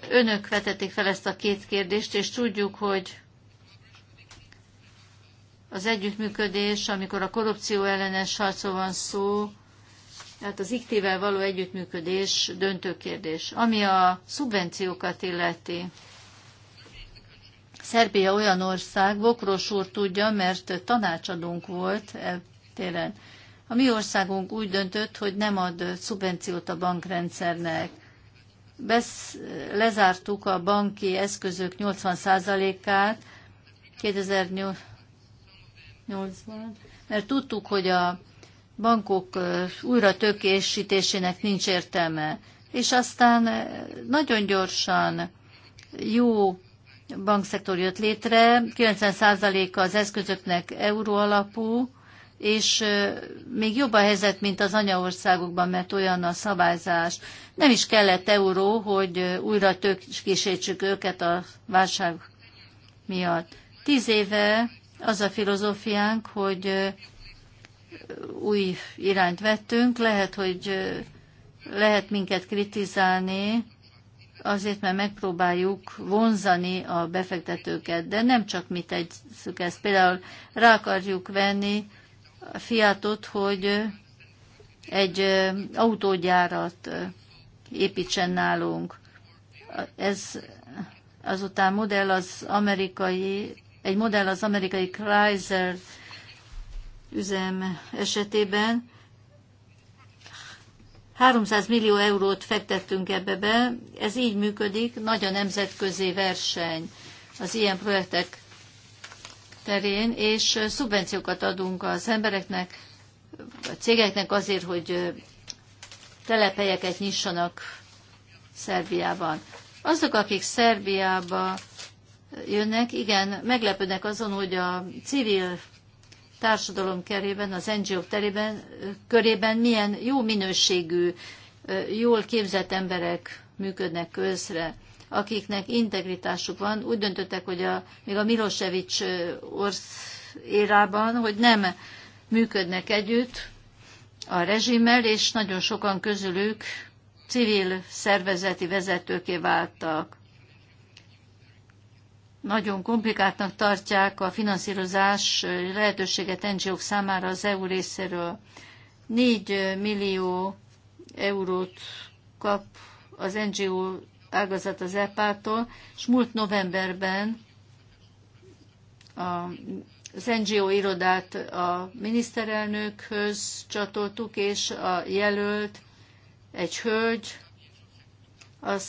önök vetették fel ezt a két kérdést, és tudjuk, hogy az együttműködés, amikor a korrupció ellenes harcról van szó, tehát az iktével való együttműködés döntő kérdés. Ami a szubvenciókat illeti, Szerbia olyan ország, Bokros úr tudja, mert tanácsadónk volt e téren. A mi országunk úgy döntött, hogy nem ad szubvenciót a bankrendszernek. Besz, lezártuk a banki eszközök 80%-át 2008-ban, mert tudtuk, hogy a bankok újra nincs értelme. És aztán nagyon gyorsan jó bankszektor jött létre, 90%-a az eszközöknek euró alapú, és még jobb a helyzet, mint az anyaországokban, mert olyan a szabályzás. Nem is kellett euró, hogy újra tökésítsük őket a válság miatt. Tíz éve az a filozófiánk, hogy új irányt vettünk, lehet, hogy lehet minket kritizálni, azért, mert megpróbáljuk vonzani a befektetőket, de nem csak mi tegyszük ezt. Például rá akarjuk venni a Fiatot, hogy egy autógyárat építsen nálunk. Ez azután modell az amerikai, egy modell az amerikai Chrysler üzem esetében. 300 millió eurót fektettünk ebbe be, ez így működik, nagy a nemzetközi verseny az ilyen projektek terén, és szubvenciókat adunk az embereknek, a cégeknek azért, hogy telepelyeket nyissanak Szerbiában. Azok, akik Szerbiába jönnek, igen, meglepődnek azon, hogy a civil társadalom kerében, az NGO terében, körében milyen jó minőségű, jól képzett emberek működnek közre, akiknek integritásuk van. Úgy döntöttek, hogy a, még a Milosevic orsz érában, hogy nem működnek együtt a rezsimmel, és nagyon sokan közülük civil szervezeti vezetőké váltak nagyon komplikáltnak tartják a finanszírozás lehetőséget ngo számára az EU részéről. 4 millió eurót kap az NGO ágazat az EPA-tól, és múlt novemberben az NGO irodát a miniszterelnökhöz csatoltuk, és a jelölt egy hölgy. Az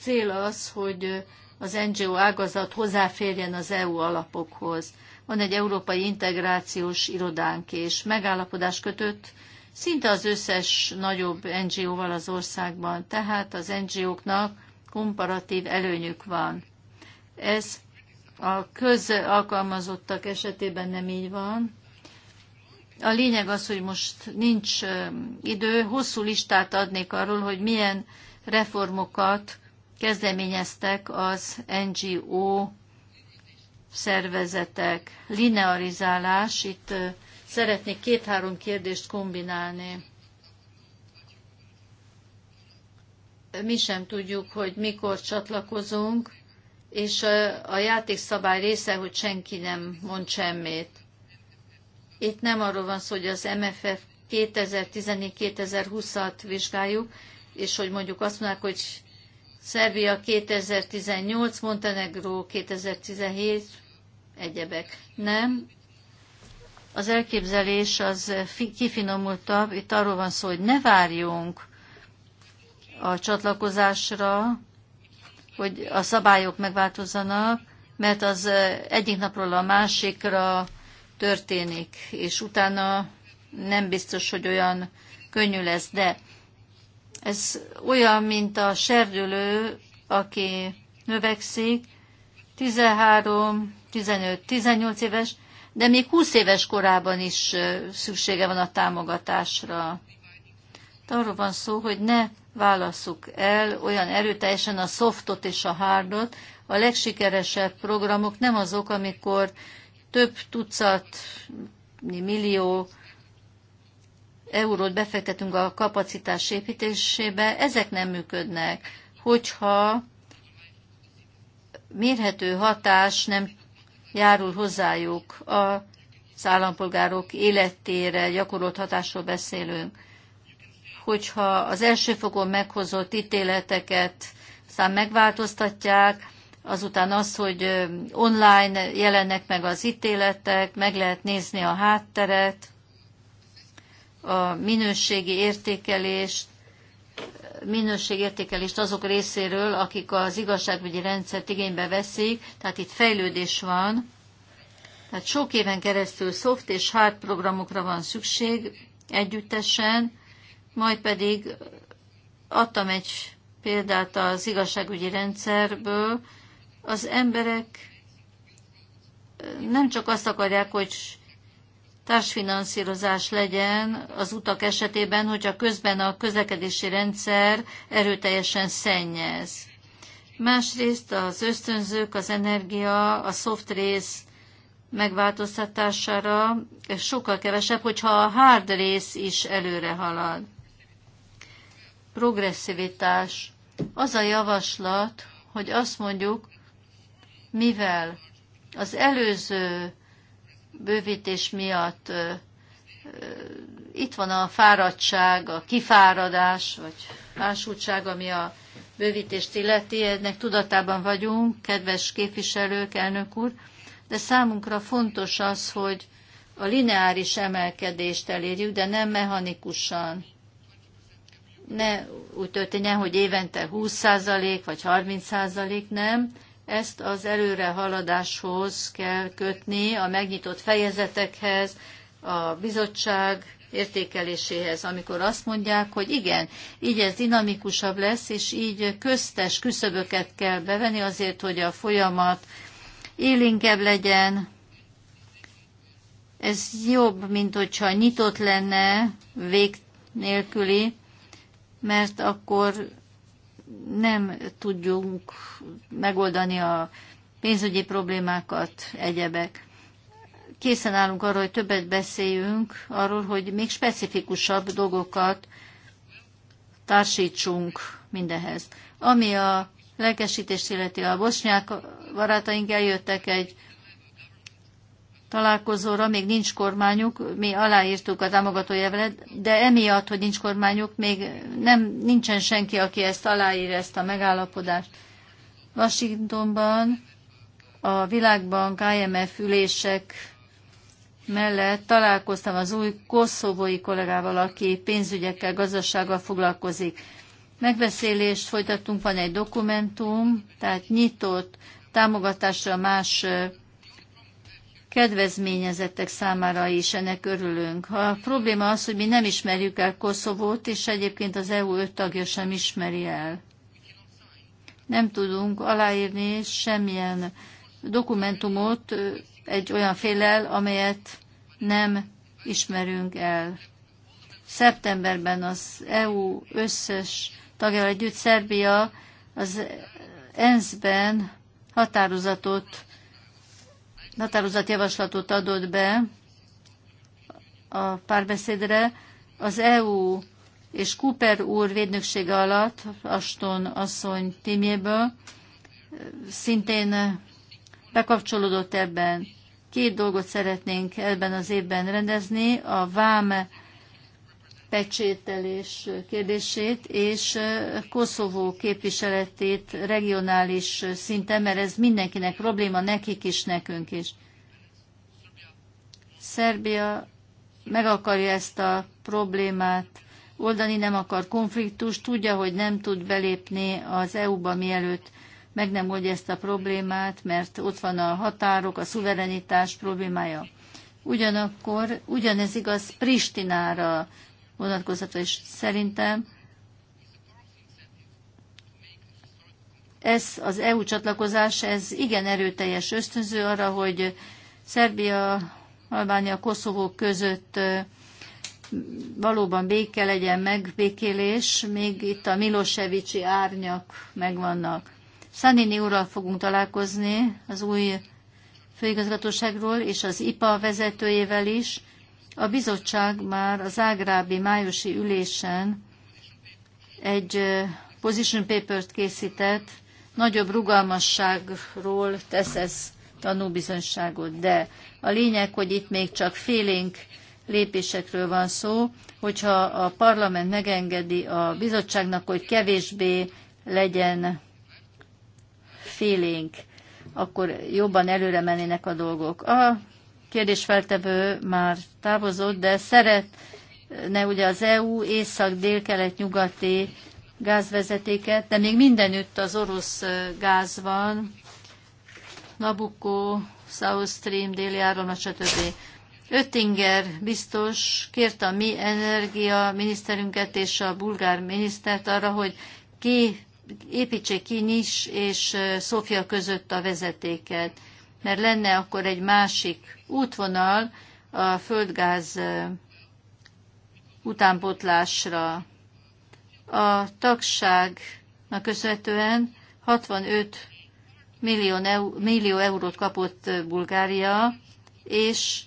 cél az, hogy az NGO ágazat hozzáférjen az EU alapokhoz. Van egy európai integrációs irodánk, és megállapodás kötött szinte az összes nagyobb NGO-val az országban, tehát az NGO-knak komparatív előnyük van. Ez a közalkalmazottak esetében nem így van. A lényeg az, hogy most nincs idő, hosszú listát adnék arról, hogy milyen reformokat kezdeményeztek az NGO szervezetek. Linearizálás, itt szeretnék két-három kérdést kombinálni. Mi sem tudjuk, hogy mikor csatlakozunk, és a játékszabály része, hogy senki nem mond semmit. Itt nem arról van szó, hogy az MFF 2014-2020-at vizsgáljuk, és hogy mondjuk azt mondják, hogy Szerbia 2018, Montenegro 2017, egyebek. Nem. Az elképzelés az kifinomultabb. Itt arról van szó, hogy ne várjunk a csatlakozásra, hogy a szabályok megváltozzanak, mert az egyik napról a másikra történik, és utána nem biztos, hogy olyan könnyű lesz, de ez olyan, mint a serdülő, aki növekszik, 13, 15, 18 éves, de még 20 éves korában is szüksége van a támogatásra. De arról van szó, hogy ne válasszuk el olyan erőteljesen a softot és a hardot. A legsikeresebb programok nem azok, amikor több tucat millió eurót befektetünk a kapacitás építésébe, ezek nem működnek. Hogyha mérhető hatás nem járul hozzájuk, az állampolgárok életére gyakorolt hatásról beszélünk, hogyha az első fokon meghozott ítéleteket szám megváltoztatják, azután az, hogy online jelennek meg az ítéletek, meg lehet nézni a hátteret, a minőségi értékelést, minőségértékelést azok részéről, akik az igazságügyi rendszert igénybe veszik, tehát itt fejlődés van. Tehát sok éven keresztül soft és hard programokra van szükség együttesen, majd pedig adtam egy példát az igazságügyi rendszerből. Az emberek nem csak azt akarják, hogy társfinanszírozás legyen az utak esetében, hogyha közben a közlekedési rendszer erőteljesen szennyez. Másrészt az ösztönzők, az energia, a soft rész megváltoztatására sokkal kevesebb, hogyha a hard rész is előre halad. Progresszivitás. Az a javaslat, hogy azt mondjuk, mivel az előző bővítés miatt itt van a fáradtság, a kifáradás, vagy fásultság, ami a bővítést illeti, ennek tudatában vagyunk, kedves képviselők, elnök úr, de számunkra fontos az, hogy a lineáris emelkedést elérjük, de nem mechanikusan. Ne úgy történjen, hogy évente 20% vagy 30% nem, ezt az előrehaladáshoz kell kötni, a megnyitott fejezetekhez, a bizottság értékeléséhez, amikor azt mondják, hogy igen, így ez dinamikusabb lesz, és így köztes küszöböket kell bevenni azért, hogy a folyamat élinkebb legyen. Ez jobb, mint hogyha nyitott lenne vég nélküli, mert akkor nem tudjunk megoldani a pénzügyi problémákat, egyebek. Készen állunk arra, hogy többet beszéljünk arról, hogy még specifikusabb dolgokat társítsunk mindehez. Ami a lelkesítést illeti a bosnyák barátaink eljöttek egy találkozóra, még nincs kormányuk, mi aláírtuk a támogatójevelet, de emiatt, hogy nincs kormányuk, még nem, nincsen senki, aki ezt aláír, ezt a megállapodást. Washingtonban a Világbank IMF ülések mellett találkoztam az új koszovói kollégával, aki pénzügyekkel, gazdasággal foglalkozik. Megbeszélést folytattunk, van egy dokumentum, tehát nyitott támogatásra más kedvezményezettek számára is ennek örülünk. Ha a probléma az, hogy mi nem ismerjük el Koszovót, és egyébként az EU öt tagja sem ismeri el. Nem tudunk aláírni semmilyen dokumentumot egy olyan félel, amelyet nem ismerünk el. Szeptemberben az EU összes tagja együtt Szerbia az ENSZ-ben határozatot határozatjavaslatot adott be a párbeszédre. Az EU és Cooper úr védnöksége alatt, Aston asszony tímjéből, szintén bekapcsolódott ebben. Két dolgot szeretnénk ebben az évben rendezni, a váme pecsételés kérdését és Koszovó képviseletét regionális szinten, mert ez mindenkinek probléma, nekik is, nekünk is. Szerbia meg akarja ezt a problémát oldani, nem akar konfliktust, tudja, hogy nem tud belépni az EU-ba mielőtt meg nem oldja ezt a problémát, mert ott van a határok, a szuverenitás problémája. Ugyanakkor ugyanez igaz Pristinára, vonatkozható, és szerintem ez az EU csatlakozás, ez igen erőteljes ösztönző arra, hogy Szerbia, Albánia, Koszovó között valóban béke legyen, megbékélés, még itt a Milosevici árnyak megvannak. Szanini úrral fogunk találkozni az új főigazgatóságról és az IPA vezetőjével is, a bizottság már az ágrábi májusi ülésen egy position papert készített, nagyobb rugalmasságról tesz ez tanúbizonyságot, de a lényeg, hogy itt még csak félénk lépésekről van szó, hogyha a parlament megengedi a bizottságnak, hogy kevésbé legyen félénk, akkor jobban előre mennének a dolgok. A kérdésfeltevő már távozott, de szeretne ugye az EU észak-dél-kelet-nyugati gázvezetéket, de még mindenütt az orosz gáz van, Nabucco, South Stream, déli áramlat, stb. Öttinger biztos kérte a mi energia miniszterünket és a bulgár minisztert arra, hogy ki építsék ki Nis és Szofia között a vezetéket mert lenne akkor egy másik útvonal a földgáz utánpotlásra. A tagságnak köszönhetően 65 millió, eur, millió eurót kapott Bulgária, és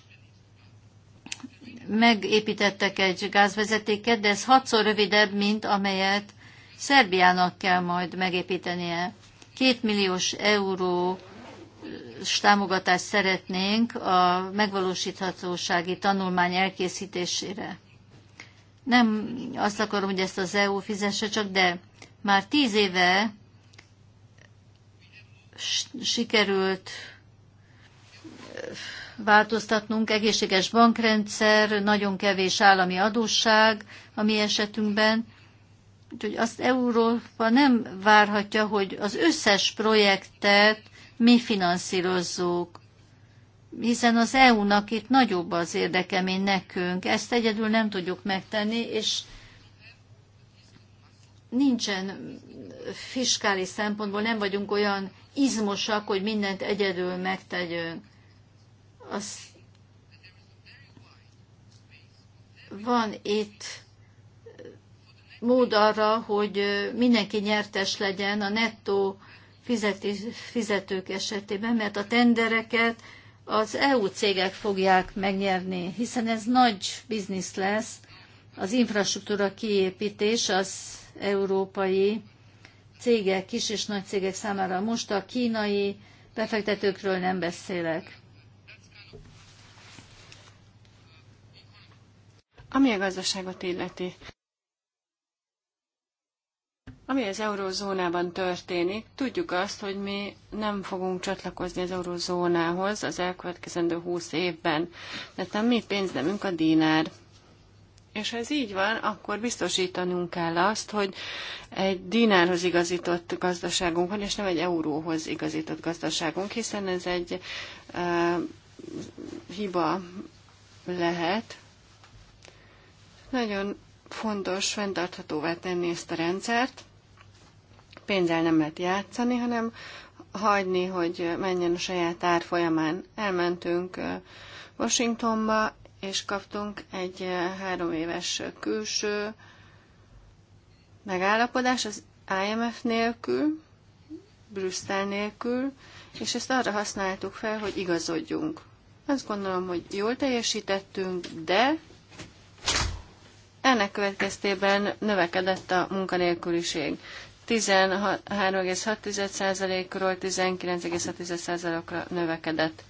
megépítettek egy gázvezetéket, de ez hatszor rövidebb, mint amelyet Szerbiának kell majd megépítenie. Két milliós euró támogatást szeretnénk a megvalósíthatósági tanulmány elkészítésére. Nem azt akarom, hogy ezt az EU fizesse csak, de már tíz éve sikerült eh, változtatnunk, egészséges bankrendszer, nagyon kevés állami adósság a mi esetünkben, Úgyhogy azt Európa nem várhatja, hogy az összes projektet mi finanszírozzuk, hiszen az EU-nak itt nagyobb az érdeke, mint nekünk. Ezt egyedül nem tudjuk megtenni, és nincsen fiskális szempontból, nem vagyunk olyan izmosak, hogy mindent egyedül megtegyünk. Az van itt mód arra, hogy mindenki nyertes legyen, a nettó fizetők esetében, mert a tendereket az EU cégek fogják megnyerni, hiszen ez nagy biznisz lesz, az infrastruktúra kiépítés az európai cégek, kis és nagy cégek számára. Most a kínai befektetőkről nem beszélek. Ami a gazdaságot illeti. Ami az eurózónában történik, tudjuk azt, hogy mi nem fogunk csatlakozni az eurózónához az elkövetkezendő 20 évben. mert hát a mi pénznemünk a dinár. És ha ez így van, akkor biztosítanunk kell azt, hogy egy dinárhoz igazított gazdaságunk van, és nem egy euróhoz igazított gazdaságunk, hiszen ez egy uh, hiba lehet. Nagyon fontos fenntarthatóvá tenni ezt a rendszert pénzzel nem lehet játszani, hanem hagyni, hogy menjen a saját árfolyamán. Elmentünk Washingtonba, és kaptunk egy három éves külső megállapodás az IMF nélkül, Brüsszel nélkül, és ezt arra használtuk fel, hogy igazodjunk. Azt gondolom, hogy jól teljesítettünk, de ennek következtében növekedett a munkanélküliség. 13,6%-ról 19,6%-ra növekedett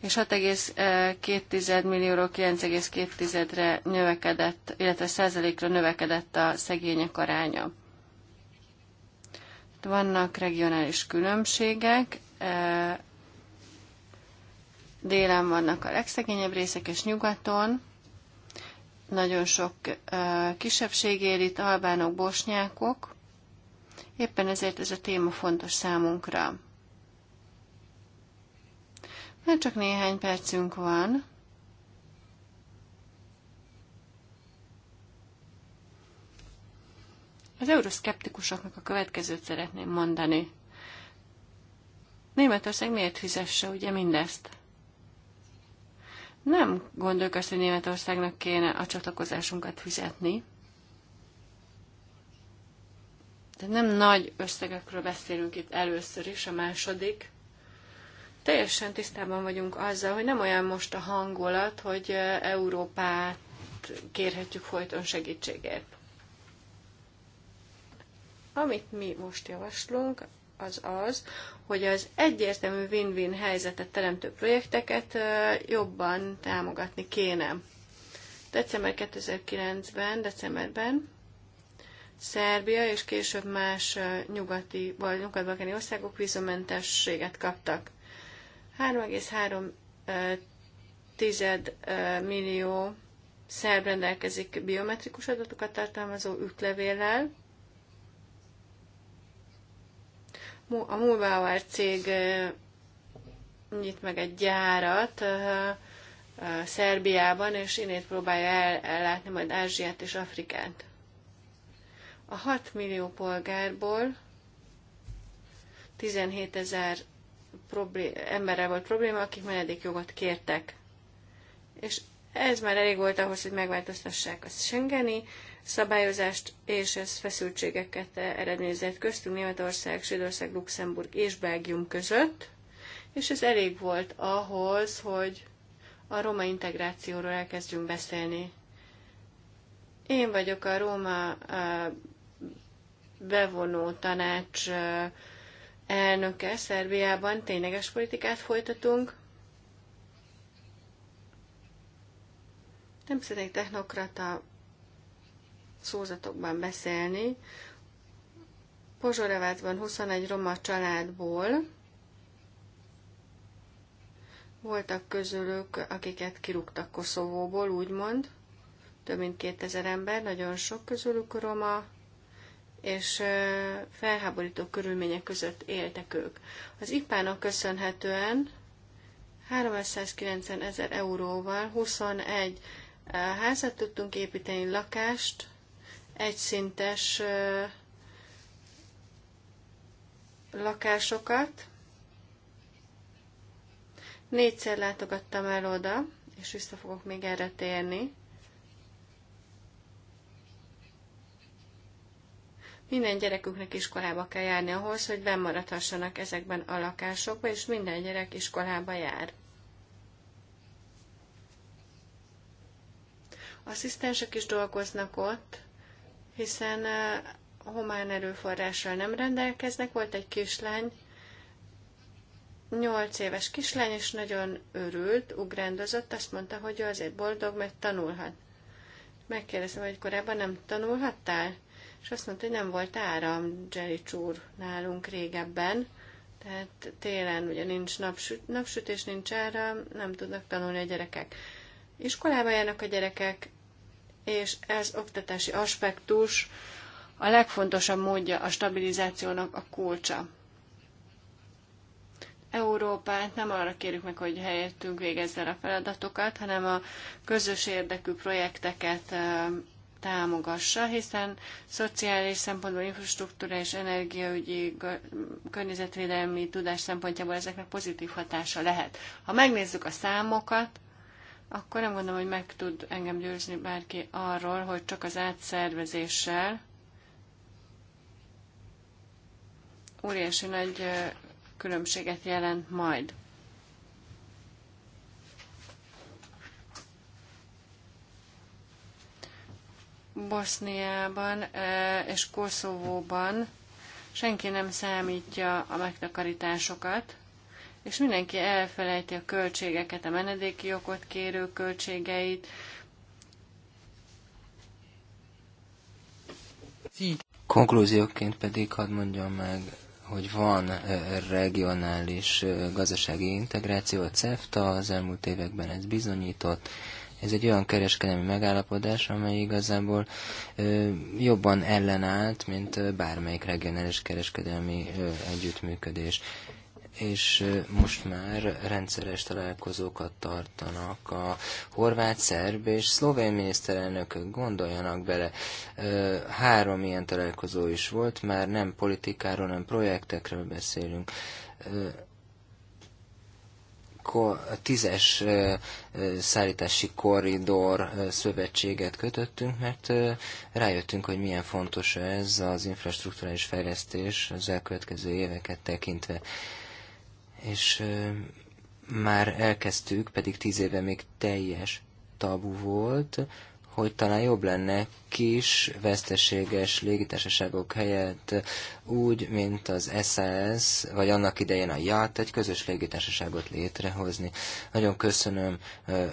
és 6,2 eh, millióról 9,2-re növekedett, illetve százalékra növekedett a szegények aránya. Vannak regionális különbségek, eh, délen vannak a legszegényebb részek, és nyugaton. Nagyon sok kisebbség él itt, albánok, bosnyákok. Éppen ezért ez a téma fontos számunkra. Már csak néhány percünk van. Az euroszkeptikusoknak a következőt szeretném mondani. Németország miért fizesse ugye mindezt? Nem gondoljuk azt, hogy Németországnak kéne a csatlakozásunkat fizetni. Tehát nem nagy összegekről beszélünk itt először is, a második. Teljesen tisztában vagyunk azzal, hogy nem olyan most a hangulat, hogy Európát kérhetjük folyton segítségért. Amit mi most javaslunk, az az, hogy az egyértelmű win-win helyzetet teremtő projekteket jobban támogatni kéne. December 2009-ben, decemberben Szerbia és később más nyugati, vagy nyugat-balkáni országok vízumentességet kaptak. 3,3 millió szerb rendelkezik biometrikus adatokat tartalmazó ütlevéllel, a Mulbauer cég nyit meg egy gyárat Szerbiában, és innét próbálja el, ellátni majd Ázsiát és Afrikát. A 6 millió polgárból 17 ezer emberrel volt probléma, akik menedékjogot kértek. És ez már elég volt ahhoz, hogy megváltoztassák a Schengeni szabályozást, és ez feszültségeket eredményezett köztünk Németország, Svédország, Luxemburg és Belgium között, és ez elég volt ahhoz, hogy a roma integrációról elkezdjünk beszélni. Én vagyok a Róma bevonó tanács elnöke Szerbiában, tényleges politikát folytatunk. Nem szeretnék technokrata szózatokban beszélni. van 21 roma családból voltak közülük, akiket kirúgtak Koszovóból, úgymond. Több mint 2000 ember, nagyon sok közülük roma, és felháborító körülmények között éltek ők. Az IPának köszönhetően 390 ezer euróval 21 házat tudtunk építeni, lakást, egyszintes lakásokat. Négyszer látogattam el oda, és vissza fogok még erre térni. Minden gyereküknek iskolába kell járni ahhoz, hogy bemaradhassanak ezekben a lakásokban, és minden gyerek iskolába jár. Asszisztensek is dolgoznak ott, hiszen homán erőforrással nem rendelkeznek. Volt egy kislány, nyolc éves kislány, és nagyon örült, ugrándozott, azt mondta, hogy ő azért boldog, mert tanulhat. Megkérdeztem, hogy korábban nem tanulhattál? És azt mondta, hogy nem volt áram, Jerry csúr nálunk régebben, tehát télen ugye nincs napsüt, napsütés, nincs áram, nem tudnak tanulni a gyerekek. Iskolába járnak a gyerekek, és ez oktatási aspektus a legfontosabb módja a stabilizációnak a kulcsa. Európát nem arra kérjük meg, hogy helyettünk végezze a feladatokat, hanem a közös érdekű projekteket támogassa, hiszen szociális szempontból, infrastruktúra és energiaügyi, környezetvédelmi tudás szempontjából ezeknek pozitív hatása lehet. Ha megnézzük a számokat, akkor nem gondolom, hogy meg tud engem győzni bárki arról, hogy csak az átszervezéssel óriási nagy különbséget jelent majd. Boszniában és Koszovóban senki nem számítja a megtakarításokat, és mindenki elfelejti a költségeket, a menedéki jogot kérő költségeit. Konklúzióként pedig hadd mondjam meg, hogy van regionális gazdasági integráció, a CEFTA az elmúlt években ez bizonyított, ez egy olyan kereskedelmi megállapodás, amely igazából ö, jobban ellenállt, mint bármelyik regionális kereskedelmi ö, együttműködés és most már rendszeres találkozókat tartanak a horvát, szerb és szlovén miniszterelnökök. Gondoljanak bele, három ilyen találkozó is volt, már nem politikáról, hanem projektekről beszélünk a tízes szállítási korridor szövetséget kötöttünk, mert rájöttünk, hogy milyen fontos ez az infrastruktúrális fejlesztés az elkövetkező éveket tekintve és már elkezdtük, pedig tíz éve még teljes tabu volt, hogy talán jobb lenne kis, veszteséges légitársaságok helyett úgy, mint az SAS, vagy annak idején a JAT, egy közös légitársaságot létrehozni. Nagyon köszönöm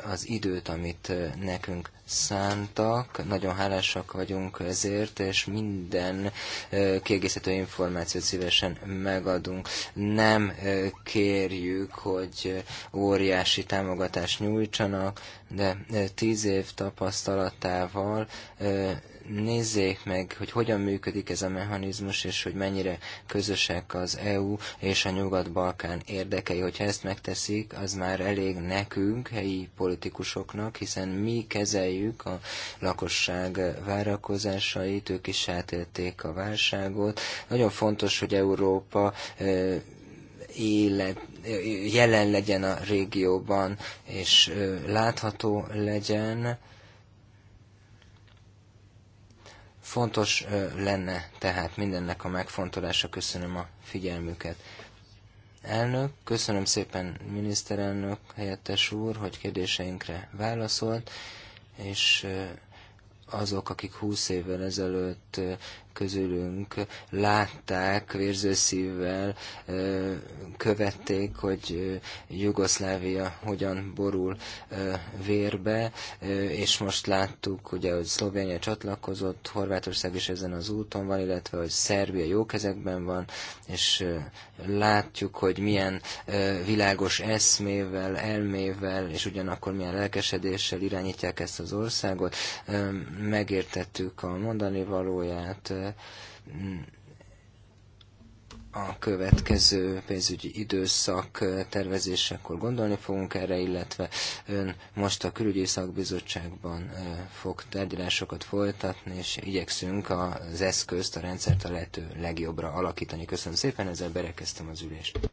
az időt, amit nekünk szántak. Nagyon hálásak vagyunk ezért, és minden kiegészítő információt szívesen megadunk. Nem kérjük, hogy óriási támogatást nyújtsanak, de tíz év tapasztalatával nézzék meg, hogy hogyan működik ez a mechanizmus, és hogy mennyire közösek az EU és a Nyugat-Balkán érdekei. Hogyha ezt megteszik, az már elég nekünk, helyi politikusoknak, hiszen mi kezeljük a lakosság várakozásait, ők is átélték a válságot. Nagyon fontos, hogy Európa élet, jelen legyen a régióban, és látható legyen, Fontos lenne tehát mindennek a megfontolása. Köszönöm a figyelmüket. Elnök, köszönöm szépen miniszterelnök helyettes úr, hogy kérdéseinkre válaszolt, és azok, akik 20 évvel ezelőtt közülünk látták szívvel, követték, hogy Jugoszlávia hogyan borul vérbe, és most láttuk, ugye, hogy Szlovénia csatlakozott, Horvátország is ezen az úton van, illetve, hogy Szerbia jó kezekben van, és látjuk, hogy milyen világos eszmével, elmével, és ugyanakkor milyen lelkesedéssel irányítják ezt az országot. Megértettük a mondani valóját, a következő pénzügyi időszak tervezésekor gondolni fogunk erre, illetve ön most a külügyi szakbizottságban fog tárgyalásokat folytatni, és igyekszünk az eszközt, a rendszert a lehető legjobbra alakítani. Köszönöm szépen, ezzel berekeztem az ülést.